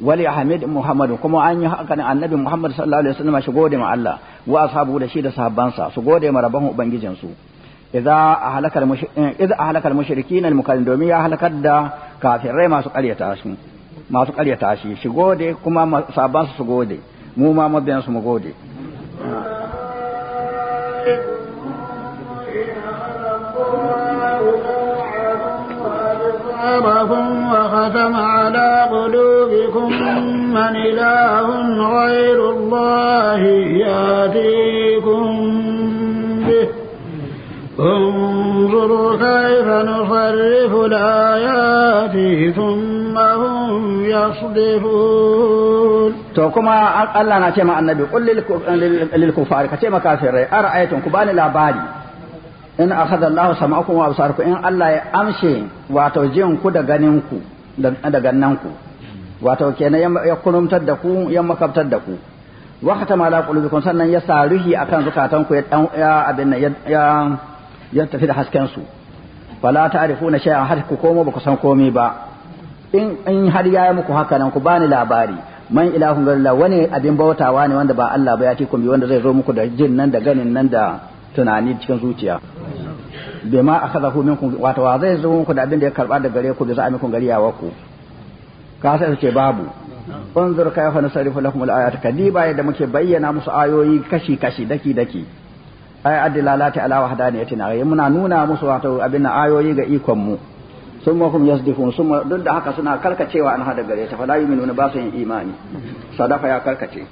wali ahmad muhammad kuma an yi haka ne annabi muhammad sallallahu alaihi wasallam shi gode ma Allah wa ashabu da shi da sahabbansa su gode ma rabban ubangijin su idza ahlaka al eh, idza ahlaka mushrikin al mukallin domin ya halakar da kafirai masu ƙaryata shi masu ƙaryata shi shi gode kuma sahabbansa su gode mu ma mabiyan su mu gode Thank you. أبصاركم وختم على قلوبكم من إله غير الله يأتيكم به انظروا كيف نصرف الآيات ثم هم يصدفون to kuma Allah na ce ma annabi kullil lil kufari ka ce ma kafirai arayatun kubani labari in akhadha Allah sam'akum wa absarakum in Allah ya amshe wato jin ku da ganin ku da gannan ku wato kenan ya kunumtar da ku ya makabtar da ku wa khatama ala qulubikum sannan ya saruhi akan zukatan ku ya dan ya abin ya ya tafi da hasken su fala ta'rifuna shay'an har ku komo ba ku san komai ba in in har ya yi muku haka nan ku bani labari man ilahun galla wani abin bautawa ne wanda ba Allah ba ya ci bi wanda zai zo muku da jin nan da ganin nan da tunani cikin zuciya bima akhadahu minkum wato wa zai zo ku da abin da ya karba da gare ku da za a miku gari yawa ku ka sai ce babu unzur kayfa nusarifu lakum al kadiba yadda muke bayyana musu ayoyi kashi kashi daki daki ay adilalati ala ya ay muna nuna musu wato abin ayoyi ga ikonmu. mu sun ma kuma yasdifun sun duk da haka suna karkacewa an hada gare ta fa la wani ba su yin imani sadaka ya karkace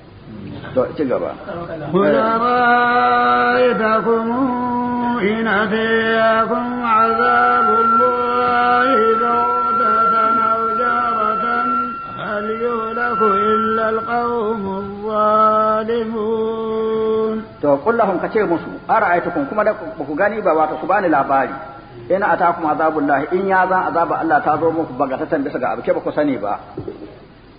to ci gaba kuna ma itakum in atiyakum azabullahi bawdatan aw jaratan hal yulaku illa alqawmu adh to kullahum kace musu ara'aytukum kuma da ku gani ba wato ku bani labari ina atakum azabullahi in ya zan azaba Allah ta zo muku bagatatan bisa ga abu ke ba ku sani ba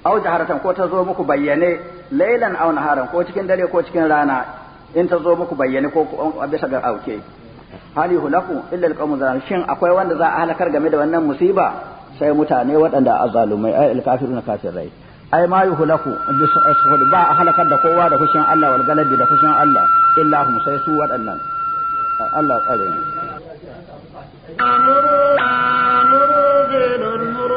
aw jaharatan ko ta zo muku bayyane laylan aw naharan ko cikin dare ko cikin rana in ta zo muku bayyane ko a bisa ga auke hali hulaku illa alqawmu zalim shin akwai wanda za a halakar game da wannan musiba sai mutane waɗanda azalumai ay alkafiruna kafirai ai ma yuhlaku eh, ba a halakar da kowa da kushin Allah wal galabi da kushin Allah illa hum sai su waɗannan Allah tsare mu amuru amuru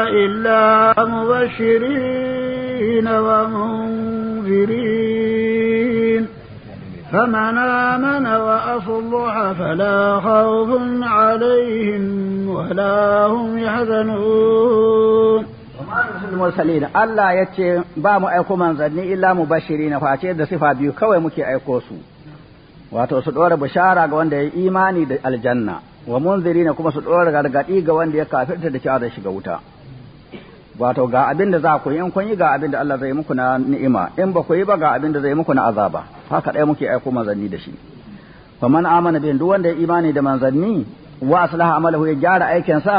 إلا مبشرين ومنذرين فمن آمن وأصلح فلا خوف عليهم ولا هم يحزنون المرسلين الله يتي با mu aiko manzanni illa mubashirin fa ce da sifa biyu kawai muke aiko su wato su dora bishara ga wanda ya imani da aljanna wa munzirina kuma su dora gargadi ga wanda ya kafirta da cewa da shiga wuta wato ga abin da za ku yi in kun yi ga abin da Allah zai muku na ni'ima in ba ku yi ba ga abin da zai muku na azaba haka ɗaya muke aiko manzanni da shi fa man amana bin duk wanda ya imani da manzanni wa aslaha amalahu ya gyara aikin sa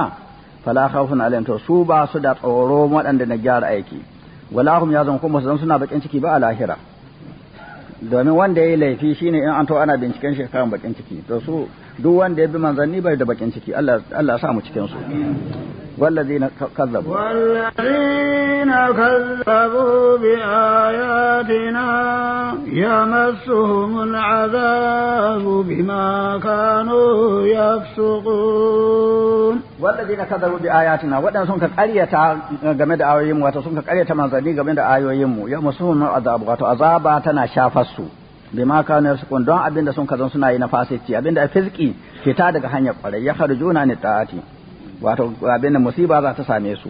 fala khawfun alaihim to su ba su da tsoro waɗanda na gyara aiki wala ya zan kuma su zan suna bakin ciki ba a lahira domin wanda ya yi laifi shine in an to ana binciken shi kan bakin ciki to su duk wanda ya bi manzanni bai da bakin ciki Allah ya sa mu cikin su kazzabu bi ayatina كذبوا بآياتنا bima kanu yafsuqun wallazina kazzabu bi ayatina wadan sun ka eh, game da ayoyinmu wato sun ka ƙaryata manzanni game da ayoyin mu wato azaba tana shafar su ma kana yasqun don abinda sun kazan suna yi na fasici abinda fiziki fita daga hanyar kwarai ya kharujuna ni ta'ati wato abinda musiba za ta same su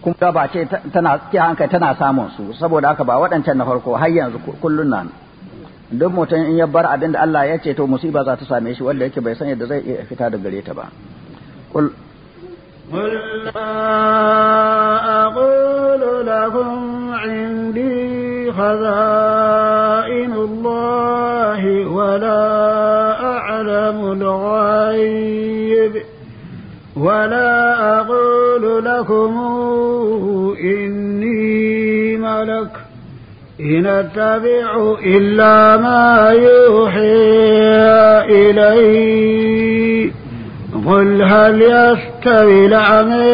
kuma ba ce tana ke hankali tana samun su saboda haka ba waɗancan na farko har yanzu kullun nan duk mutum in ya bar abinda Allah ya ce to musiba za ta same shi wanda yake bai san yadda zai iya fita daga gare ta ba kul قل لا أقول لكم عندي خزائن خزائن الله ولا أعلم الغيب ولا أقول لكم إني ملك إن أتبع إلا ما يوحي إلي قل هل يستوي العمي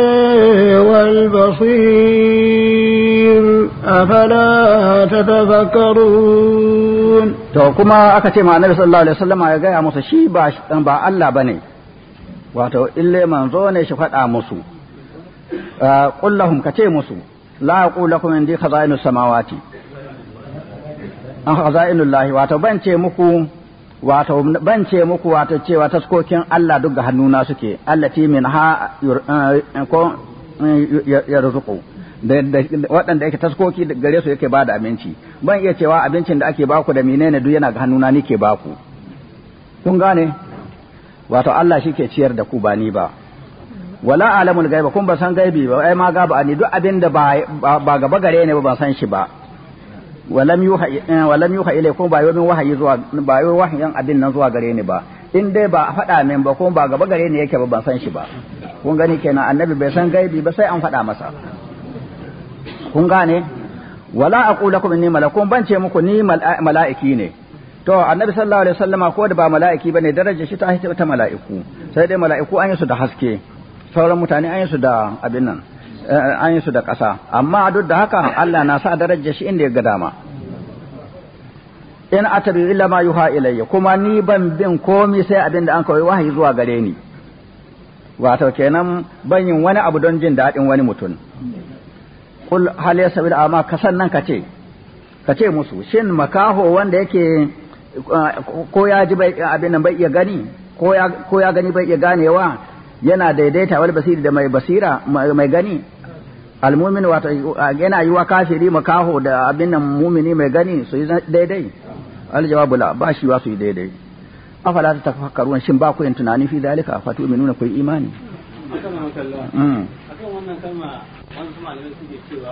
والبصير afala tatafakkarun to kuma aka ce ma annabi sallallahu alaihi ya gaya musu shi ba ba Allah wato ille manzo ne shi faɗa musu qul lahum kace musu la aqulu lakum indi khazainus samawati an khazainullahi wato ban ce muku wato ban ce muku wato cewa taskokin Allah duk ga hannuna suke allati min ha ko yarzuqu waɗanda yake taskoki gare su yake da abinci ban iya cewa abincin da ake baku da menene duk yana ga hannuna nike baku kun gane wato Allah shi ke ciyar da ku ba ni ba wala alamul gaiba kun ba san gaibi ba ai ma ga ba ni duk abin da ba gaba gare ne ba ban san shi ba walam yuha eh, walam yuha ilaikum ba yomin wahayi zuwa ba yomin wahayin abin nan zuwa gare ni ba in dai ba faɗa min ba kuma ba gaba gare ni yake ba ban san shi ba kun gani kenan annabi bai san gaibi ba sai an faɗa masa kun gane wala aqulu lakum inni malakun ban ce muku ni mala'iki ne to annabi sallallahu alaihi wasallama ko da ba mala'iki bane darajar shi ta ta mala'iku sai dai mala'iku an yi su da haske sauran mutane an yi su da abin nan eh, eh, an yi su da kasa amma duk da haka Allah na sa darajar shi inda ya ga dama in atabi illa ma yuha ilayya kuma ni ban bin komi sai abin da an kawai wahayi zuwa gare ni wato kenan ban yin wani abu don jin daɗin wani mutum kul hal yasabil ama ka sannan ka ce ka ce musu shin makaho wanda yake ko ya ji bai abin nan bai iya gani ko ya ko ya gani bai iya ganewa yana daidaita wal basiri da mai basira mai gani almumin wato yana yi wa kafiri makaho da abin nan mumini mai gani su yi daidai jawabu la ba shi wa su yi daidai afala ta tafakkaru shin ba ku yin tunani fi dalika fatu minuna ku imani mm. akan wannan kalma أنذر به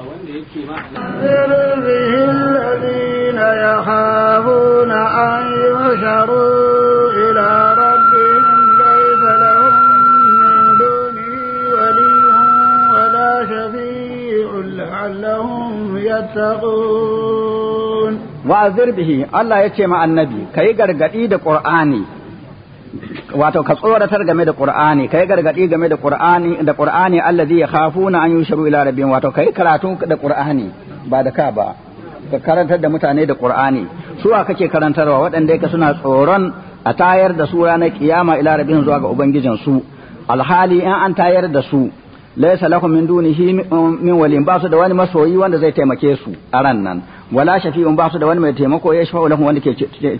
الذين يخافون أن يحشروا إلى ربهم ليس لهم من دونه ولي ولا شفيع لعلهم يتقون وأذر به الله يتيم النبي كي قرقدي القرآن wato ka tsoratar game da qur'ani kai gargadi game da qur'ani da qur'ani allazi yakhafuna an yusharu ila rabbihim wato kai karatu da qur'ani ba da ka ba ka karantar da mutane da qur'ani suwa kake karantarwa waɗanda ka suna tsoron a tayar da su ranar kiyama ila rabbihim zuwa ga ubangijin su alhali in an tayar da su laysa lahum min dunihi min um, waliyin ba su da wani masoyi wanda zai taimake su a ran nan wala shafi'un ba su da wani mai taimako ya shafa lahum wanda ke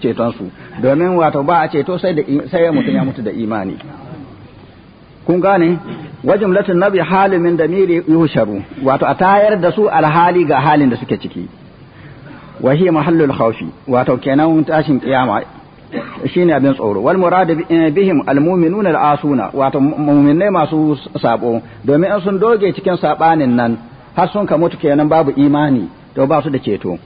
ceton su domin wato ba a ceto sai da sai ya mutu da imani kun gane wa jumlatun nabi halin min damiri yusharu wato a tayar da su alhali ga halin da suke ciki wa hiya mahallul khawfi wato kenan tashin kiyama shine abin tsoro wal murad eh, bihim al mu'minuna al asuna wato mu'minai masu sabo domin an sun doge cikin sabanin nan har sun ka mutu kenan babu imani to ba su da ceto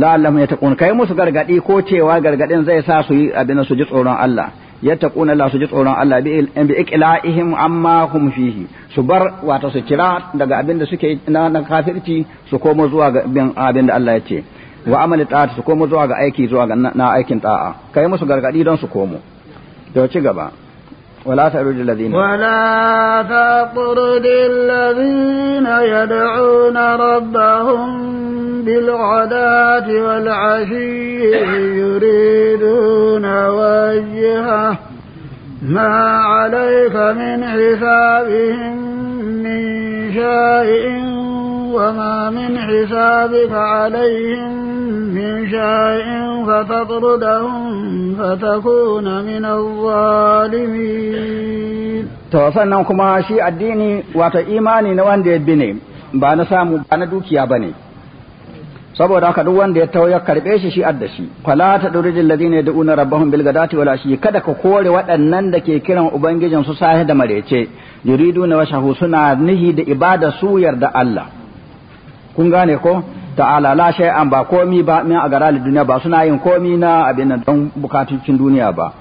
ya yattaqun kai musu gargadi ko cewa gargadin zai sa su yi abin su ji tsoron Allah yattaquna la su ji tsoron Allah bi iqla'ihim amma hum fihi su bar wato su kira daga abin da suke na kafirci su koma zuwa ga abin da Allah ya ce wa amali ta'ati su komo zuwa ga aiki zuwa ga na aikin ta'a kai musu gargadi don su komo to ci gaba ولا تطرد الذين ولا تطرد الذين يدعون ربهم بالغداة والعشي يريدون وجهه ما عليك من حسابهم من شيء وما من حسابك عليهم من شيء فتطردهم فتكون من الظالمين to sannan kuma shi addini wato imani na wanda ya bine ba na samu ba na dukiya ba ne saboda haka duk wanda ya tawo ya karbe shi shi adda shi fala ta duriji ladina yad'una rabbahum bil gadati wala shi kada ka kore waɗannan da ke kiran ubangijin su sahi da marece na washahu suna nihi da ibada su yarda Allah kun gane ko ta'ala la shay'an ba komi ba min a agara duniya ba suna yin komi na abin nan don bukatuncin duniya ba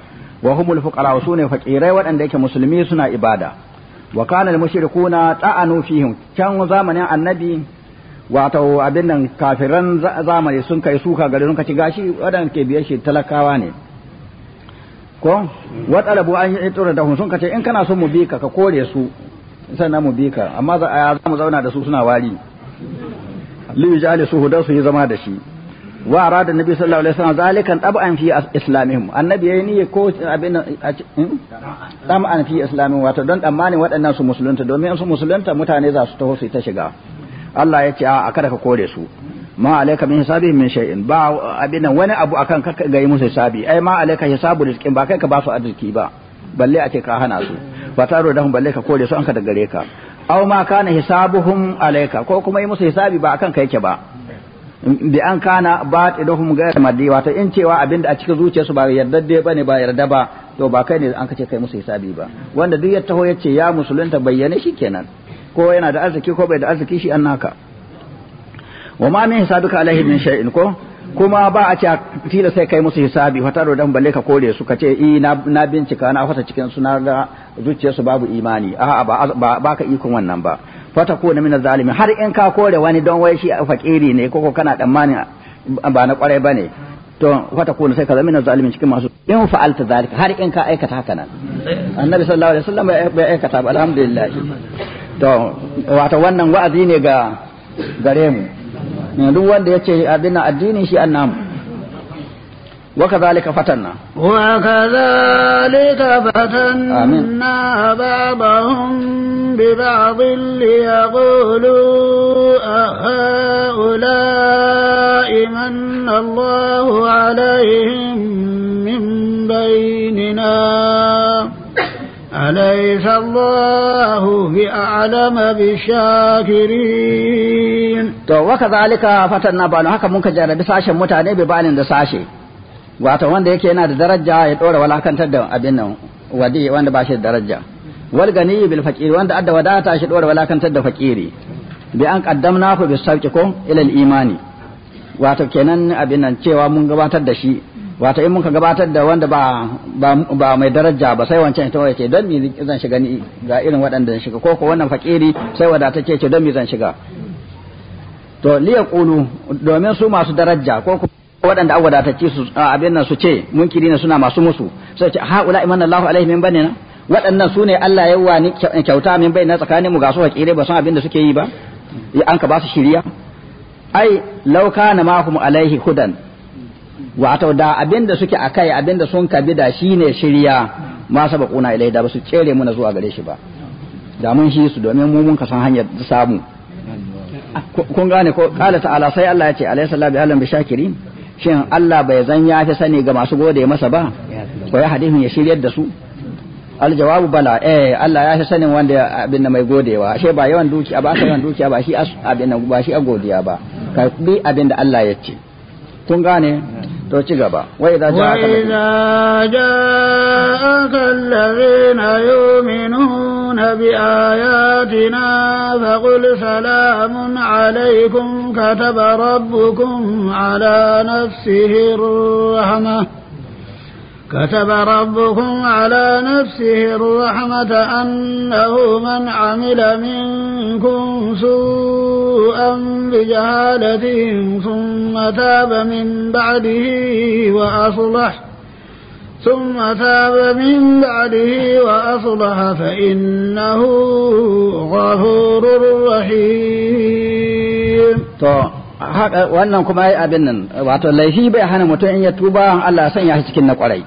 wa humul fuqara sune fakirai waɗanda yake musulmi suna ibada wa kana al mushrikuuna ta'anu fihim can zamanin annabi wato abin nan kafiran zamani sun kai suka gari sun kaci gashi waɗanda ke biyar shi talakawa ne ko talabu an yi da sun kace in kana so mu bika ka kore su sannan mu bika ka amma za mu zauna da su suna wari li su da su yi zama da shi wa arada nabi sallallahu alaihi wasallam zalikan tab'an fi islamihim annabi yayi ni ko abin hmm? tab'an fi islamihim wato don tsammanin waɗannan su musulunta domin su musulunta mutane za su taho su ta shiga Allah ya ce a kada ka kore su ma alaika min hisabihim min shay'in ba abin wani abu akan ka ga yi musu hisabi ai ma alaika hisabu rizqin ba kai ka ba su arziki ba balle a ce ka hana su ba taro da balle ka kore su an ka daggare ka aw ma kana hisabuhum alayka ko kuma yi musu hisabi ba akan kai ke ba bi an kana ba batiduhum ghayr maddi wato in cewa abinda a cikin su ba yarda bane ba yarda ba to ba kai ne an kace kai musu hisabi ba wanda duk ya taho ya ce ya musulunta bayyane kenan ko yana da arziki ko bai da arziki shi annaka wa ma min hisabuka alaihi min shay'in ko kuma ba a ce tilo sai kai musu hisabi wata rodan balle ka kore su ka ce i na bincika na fata cikin su na ga zuciyarsu babu imani a ba ba ka ikon wannan ba fata ko na mina zalimi har in ka kore wani don wai shi fakiri ne ko kana tsammanin ba na kwarai bane to fata ko sai ka zama zalimi cikin masu in fa'alta zalika har in ka aikata haka nan annabi sallallahu alaihi wasallam bai aikata ba alhamdulillah to wato wannan wa'azi ne ga gare mu duk wanda ya ce abin addini shi an namu waka zalika fatanna waka zalika fatanna ba'dahum bi ba'dhin li yaqulu ahaulai man Allahu alaihim min bainina أليس الله بأعلم بالشاكرين to waka zalika fatanna banu haka mun ka jarabi sashen mutane bai banin da sashe wato wanda yake yana da daraja ya dora walakantar da abin nan wadi wanda ba shi da daraja wal gani bil faqir wanda adda wadata shi dora walakantar da fakiri bi an qaddamna ku ko ila imani wato kenan abin cewa mun gabatar da shi wato in muka gabatar da wanda ba ba mai daraja ba sai wancan ita wace don mi zan shiga ni ga irin waɗanda zan shiga ko wannan fakiri sai wadatacce ce don mi zan shiga to liya qulu domin su masu daraja ko waɗanda awada ta ci su abin nan su ce munkiri ne suna masu musu sai ce ula imanna Allahu alaihi min banina waɗannan su ne Allah ya wani kyauta min bai na tsakanin mu ga su fakire ba san abin da suke yi ba an ka ba su shiriya ai law kana mahum alaihi hudan wato da abin da suke akai abin da sun kabi da shi ne shirya ma kuna ilai da basu cere muna zuwa gare shi ba da mun shi su domin mu mun kasan hanyar samu kun gane ko qala ta'ala sai Allah ya ce alayhi salatu bi'alam bi shakirin shin Allah bai zan ya fi sani ga masu gode masa ba ko ya hadisin ya shiryar da su aljawabu bala eh Allah ya fi sanin wanda abin da mai godewa ashe ba yawan dukiya ba aka yawan dukiya ba shi abin ba shi a godiya ba kai bi abin da Allah ya ce kun gane to ci gaba wa idza ja'aka alladhina yu'minuna bi ayatina faqul salamun alaykum kataba rabbukum ala nafsihi rahmah كتب ربكم على نفسه الرحمة أنه من عمل منكم سوءا بجهالة ثم تاب من بعده وأصلح ثم تاب من بعده وأصلح فإنه غفور رحيم wannan kuma ya abin nan wato laifi bai hana mutum in ya tuba Allah san ya shi cikin na kwarai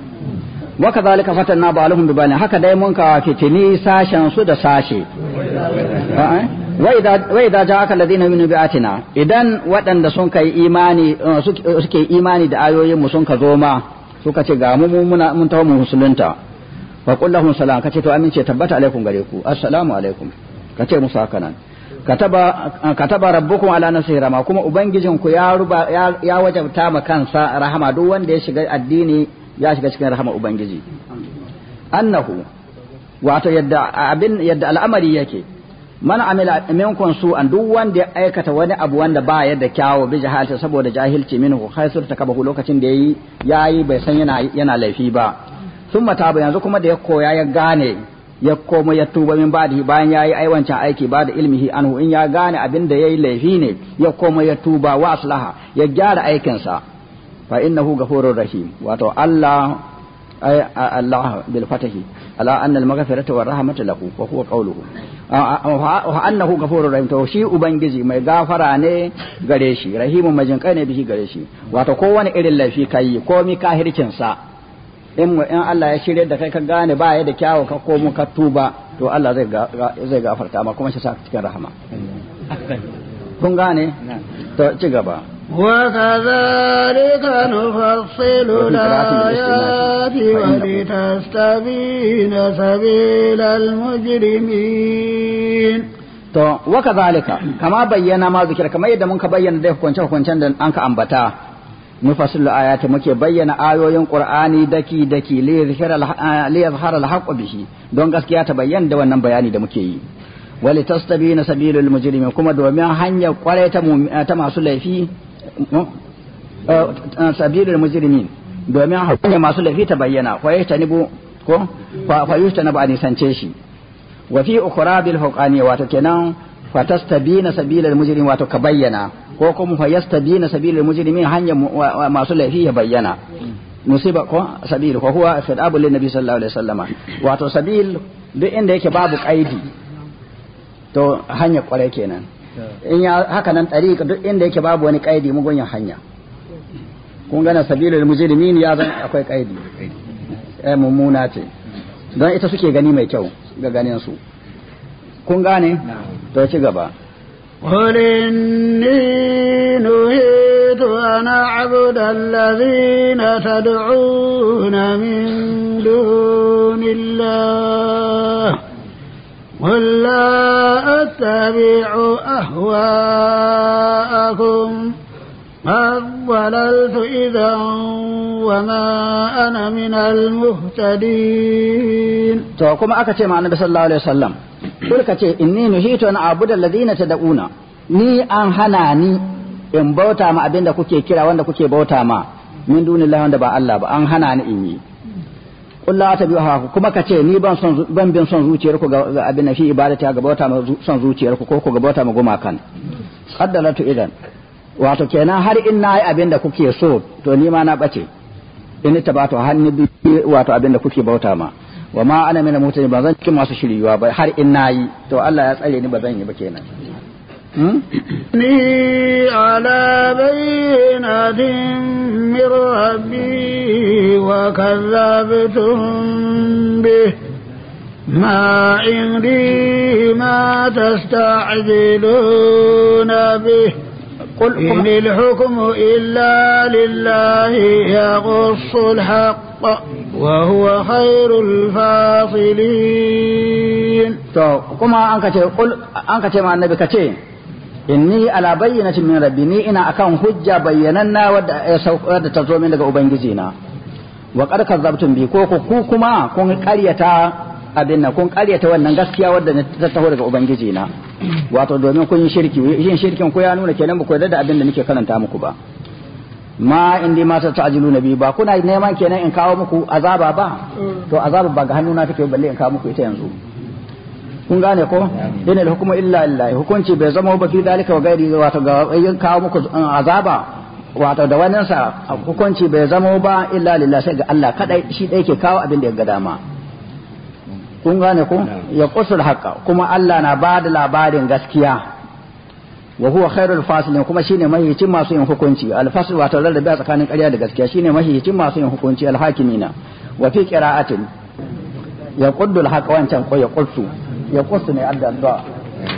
wa kadhalika fatanna ba'alhum bi bani haka dai mun ka fitini sashen su da sashe wa idza wa idza ja'aka alladhina yu'minu bi atina idan waɗanda sun kai imani uh, uh, suke imani da ayoyin mu sun ka zo ma suka ce ga mu muna mun tawo musulunta wa qul lahum salam kace to amince tabbata alaikum gare ku assalamu alaikum kace musu haka nan kataba uh, kataba rabbukum ala nafsihi rahma kuma ubangijinku ya ya wajabta ma kansa rahama duk wanda ya shiga addini ya shiga cikin rahama ubangiji annahu wato yadda abin yadda al'amari yake man amila minkum su an duk wanda ya aikata wani abu wanda ba ya da kyawu bi jahalta saboda jahilci minhu khaisur takabahu lokacin da yayi yayi bai san yana yana laifi ba thumma taba yanzu kuma da ya koya ya gane ya koma ya tuba min ba'dihi bayan yayi aiwancin aiki ba da ilmihi anhu in ya gane abin da yayi laifi ne ya koma ya tuba wa aslaha ya gyara aikinsa fa innahu ghafurur rahim wato Allah ay Allah bil fatahi ala anna al maghfirata war rahmata lahu wa huwa qawluhu annahu ghafurur rahim to shi ubangiji mai gafara ne gare shi rahimun majin ne bihi gare shi wato kowane irin laifi kai komi kahircin sa in in Allah ya shirye da kai ka gane ba ya da kyawu ka komo ka tuba to Allah zai zai gafarta amma kuma shi sa cikin rahama kun gane to ci gaba وكذلك نفصل الآيات ولتستبين سبيل المجرمين to waka zalika kama bayyana ma zikira kama yadda muka bayyana dai hukunce hukuncen da an ka ambata nufasilul ayati muke bayyana ayoyin qur'ani daki daki li yadhhara eh, al bihi don gaskiya ta bayyana da wannan bayani da muke yi wali tastabina sabilul mujrimin kuma domin hanyar kwarai eh, ta masu laifi Eh, eh, sabilul mujrimin domin hukumar masu laifi ta bayyana nisance shi bil wato kenan wato ka bayyana ko kuma hanyar masu laifi ya bayyana musiba ko sabil ko huwa lin nabi sallallahu alaihi wasallama wato sabil duk inda yake babu kaidi to kwarai kenan in ya haka nan tariqa duk inda yake babu wani kaidi mugunyin hanya kun gana sabilul mujrimin ya zan akwai kaidi eh mummuna ce don ita suke gani mai kyau ga ganin su kun gane to ci gaba قل إني نهيت أن أعبد الذين تدعون من دون الله قل لا أتبع أهواءكم قد ضللت إذا وما أنا من المهتدين تو كما أكتي مع النبي صلى الله عليه وسلم قل كتي إني نهيت أن أعبد الذين تدعون ni an hana ni in bauta ma abin da kuke kira wanda kuke bauta ma min dunillahi wanda ba Allah ba an hana ni in yi kulla ta biyu haku kuma ka ce ni ban bin son zuciyar ku ga abin shi ibadata ga bauta ma son zuciyar ku ko ku ga bauta ma gumakan qaddalatu idan wato kenan har in nayi abin da kuke so to ni ma na bace in ta bato har ni wato abin da kuke bauta ma wa ma ana mina mutane ba zan cikin masu shiryuwa ba har in nayi to Allah ya tsare ni ba zan yi ba kenan إني على بينة من ربي وكذبتم به ما عندي ما تستعجلون به قل إن الحكم إلا لله يقص الحق وهو خير الفاصلين. تو كما أنك تقول أنك تقول النبي كتير inni ala bayyinatin min rabbi ni ina akan hujja bayyananna wadda ta zo min daga ubangiji na wa qad kazzabtum bi ko ku kuma kun karyata abin nan kun karyata wannan gaskiya wadda ta taho daga ubangiji na wato domin kun yi shirki yin shirkin ku ya nuna kenan ba ku yarda da abin da nake karanta muku ba ma indi ma ta ta'jilu nabi ba kuna neman kenan in kawo muku azaba ba mm. to azaba ba ga hannuna take balle in kawo muku ita yanzu kun gane ko dina da hukuma illa lillahi hukunci bai zama ba fi dalika wa gairi wato ga kawo muku uh, azaba wato da wannan sa hukunci bai zama ba illa lillahi sai ga Allah kadai shi dai ke kawo abin da ya ga dama kun gane ko ya qusul haqa kuma Allah na ba da labarin gaskiya wa huwa khairul fasilin kuma shine mahiyicin masu yin hukunci al fasil wato rarrabe tsakanin ƙarya da gaskiya shine mahiyicin masu yin hukunci al hakimina wa fi qira'atin ya quddul haqa wancan ko ya qulsu ya kusu ne adda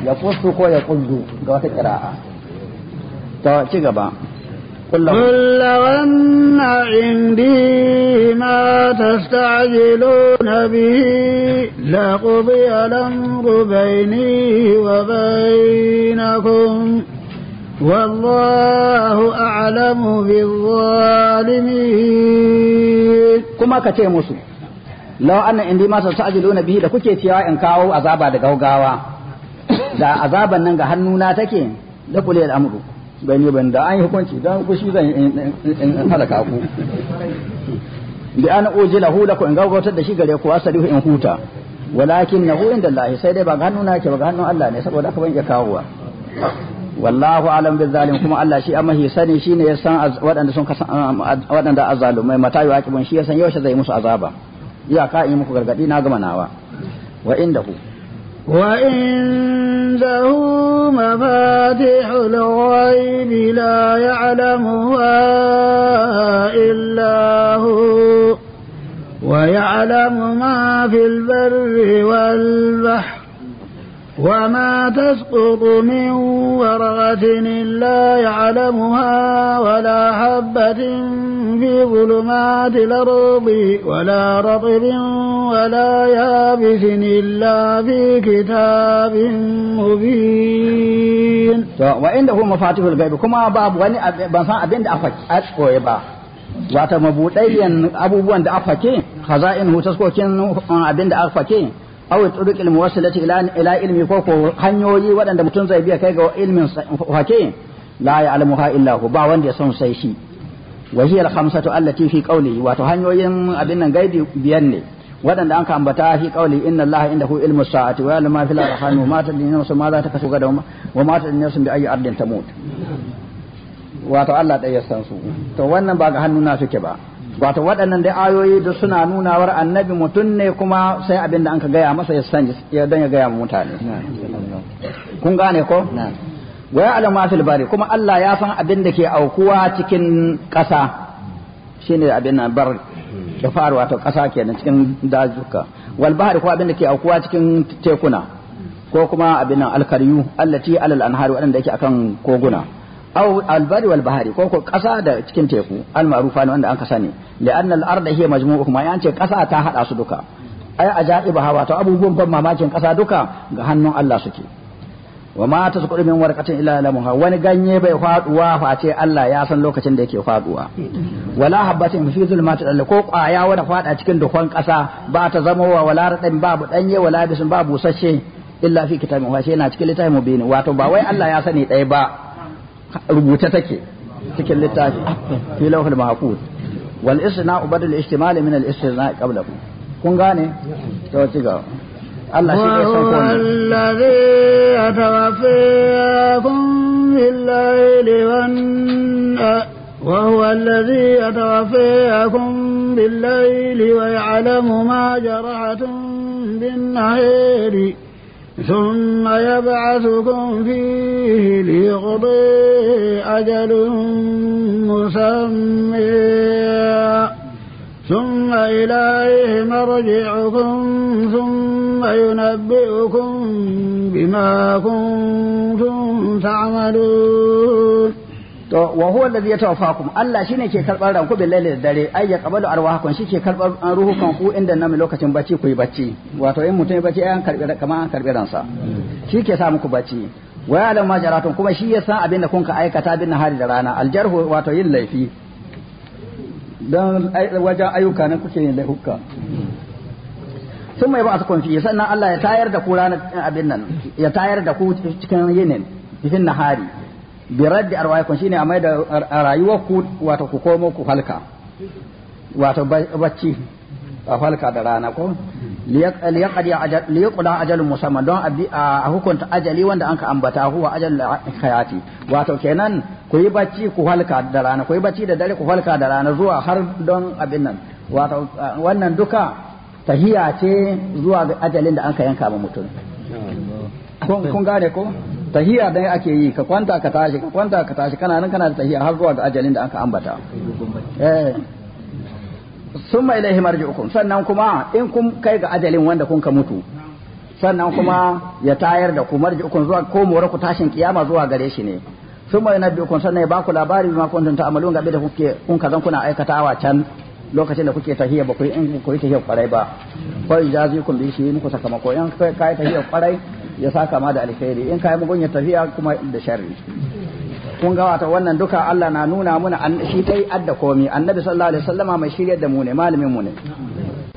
ya kusu ko ya kuzu ga wata kira'a ta ci gaba kullum wanna indi ma ta stajilo na bi la kubi alam rubaini wa bainakum والله أعلم بالظالمين كما كتير law anna indi ma tasajiluna bihi da kuke cewa in kawo azaba da gaugawa da azaban nan ga hannuna take da kule al'amru bai ne ban da an yi hukunci dan ku shi zan in halaka ku bi an ujilahu lakum in gaugautar da shi gare ku asalihu in huta walakin nahu inda Allah sai dai ba ga hannuna ke ba ga hannun Allah ne saboda haka ban iya kawowa wallahu alam bil zalim kuma Allah shi amma hisani shine ya san waɗanda sun waɗanda azalumai mata yuqibun shi ya san yaushe zai musu azaba ka in muku gargadi na gama nawa wa inda ku wa inda hu mafati hulawai la ya alamuwa illahu wa ya alamu ma fil وما تسقط من ورغة إلا يعلمها ولا حبة في ظلمات الأرض ولا رطب ولا يابس إلا في كتاب مبين وعنده مفاتيح الغيب كما باب وني بنسان أبين أفك أسكو يبا wata mabuɗayyan abubuwan da afake khaza'in hu taskokin abin da afake aw turuq al muwassilati ila ila ilmi ko ko hanyoyi waɗanda mutum zai biya kai ga ilmin fake la ya'lamuha illa hu ba wanda ya san sai shi wa hiya al khamsatu allati fi qawli wato hanyoyin abin nan gaidi biyan ne waɗanda an ka ambata fi qawli inna allaha indahu ilmu sa'ati wa ya'lamu ma fil arham ma tadri nafsun ma za ta kasu gada wa ma tadri nafsun bi ayyi ardin tamut wato Allah ɗaya san su to wannan ba ga hannuna suke ba wato waɗannan da ayoyi da suna nunawar annabi mutum ne kuma sai abin da an ka gaya masa ya sani don ya gaya wa mutane kun gane ko wa ya'lamu ma fil bari kuma Allah ya san abin da ke aukuwa cikin ƙasa shine abin nan bar da faru wato ƙasa kenan cikin dazuka wal bahri ko abin da ke aukuwa cikin tekuna ko kuma abin nan alkaryu allati alal anhari waɗanda yake akan koguna aw albari wal bahari ko ko kasa da cikin teku al ma'rufa ne wanda an kasa ne li anna al arda hiya majmu'u kuma an ce kasa ta hada su duka ai ba hawa to abubuwan ban mamakin kasa duka ga hannun Allah suke wa ma tasqudu min warqatin illa lamuha wani ganye bai faduwa face Allah ya san lokacin da yake faduwa wala habatin fi zulmati al ko kwaya wanda fada cikin dukan kasa ba ta zama wa wala radin babu danye wala bisin babu sashe illa fi kitabin wa yana cikin littafin bin wato ba wai Allah ya sani dai ba rubuce take cikin littafi fi lawhul mahfuz wal isna ubadul ihtimal min al istisna qablahu kun gane to ci gaba الله شيء يسوكم الذي يتوفيكم بالليل والنهار وهو الذي يتوفيكم بالليل ويعلم ما جرحتم بالنهار ثم يبعثكم فيه ليقضي أجل مسمى ثم إليه مرجعكم ثم ينبئكم بما كنتم تعملون to wa huwa allazi yatawaffakum Allah shine ke karbar ranku bil laili da dare ayya qabalu arwahakum shi ke karbar ruhukan ku inda nan lokacin bacci ku yi bacci wato in mutum ya bacci ayan an karbi kamar an karbi ransa hmm. shi ke sa muku bacci wa ya ma jaratun kuma shi ya san abin da kun ka aikata bin nahari da rana aljarhu wato yin laifi don wajen ayyuka nan kuke yin laifuka sun mai ba su kunfi sannan Allah ya tayar da ku ranar abin nan ya tayar da ku cikin yinin cikin nahari bi raddi arwaikum shine a mai da rayuwar ku wato ku komo ku halka wato bacci a halka da rana ko liyaqda ajalun musamman don a hukunta ajali wanda anka ambata huwa ajal hayati wato kenan ku yi bacci ku halka da rana ku yi bacci da dare ku halka da rana zuwa har don abin nan wato wannan duka tahiya ce zuwa ajalin da anka yanka ma mutum kun gane ko tahiya dai ake yi ka kwanta ka tashi ka kwanta ka tashi kana nan kana da tahiya har zuwa ga ajalin da aka ambata eh summa ilaihi marji'ukum sannan kuma in kun kai ga ajalin wanda kun ka mutu sannan kuma ya tayar da ku marji'ukum zuwa ko more ku tashin kiyama zuwa gare shi ne summa yunabbi'ukum sannan ya baku labari bima kuntum ta'malun bi da kuke kun kazan kuna aikatawa can lokacin da kuke tahiyya ba ku yi in ku yi tahiyya kwarai ba ko kun bi shi muku sakamako in kayi tahiyya kwarai ya sa kama da alkhairi in mugun ya tafiya kuma da sharri kun ga wata wannan duka Allah na nuna muna shi ta yi adda komi annabi sallallahu alaihi wasallama mai shirya da mu ne malamin mu ne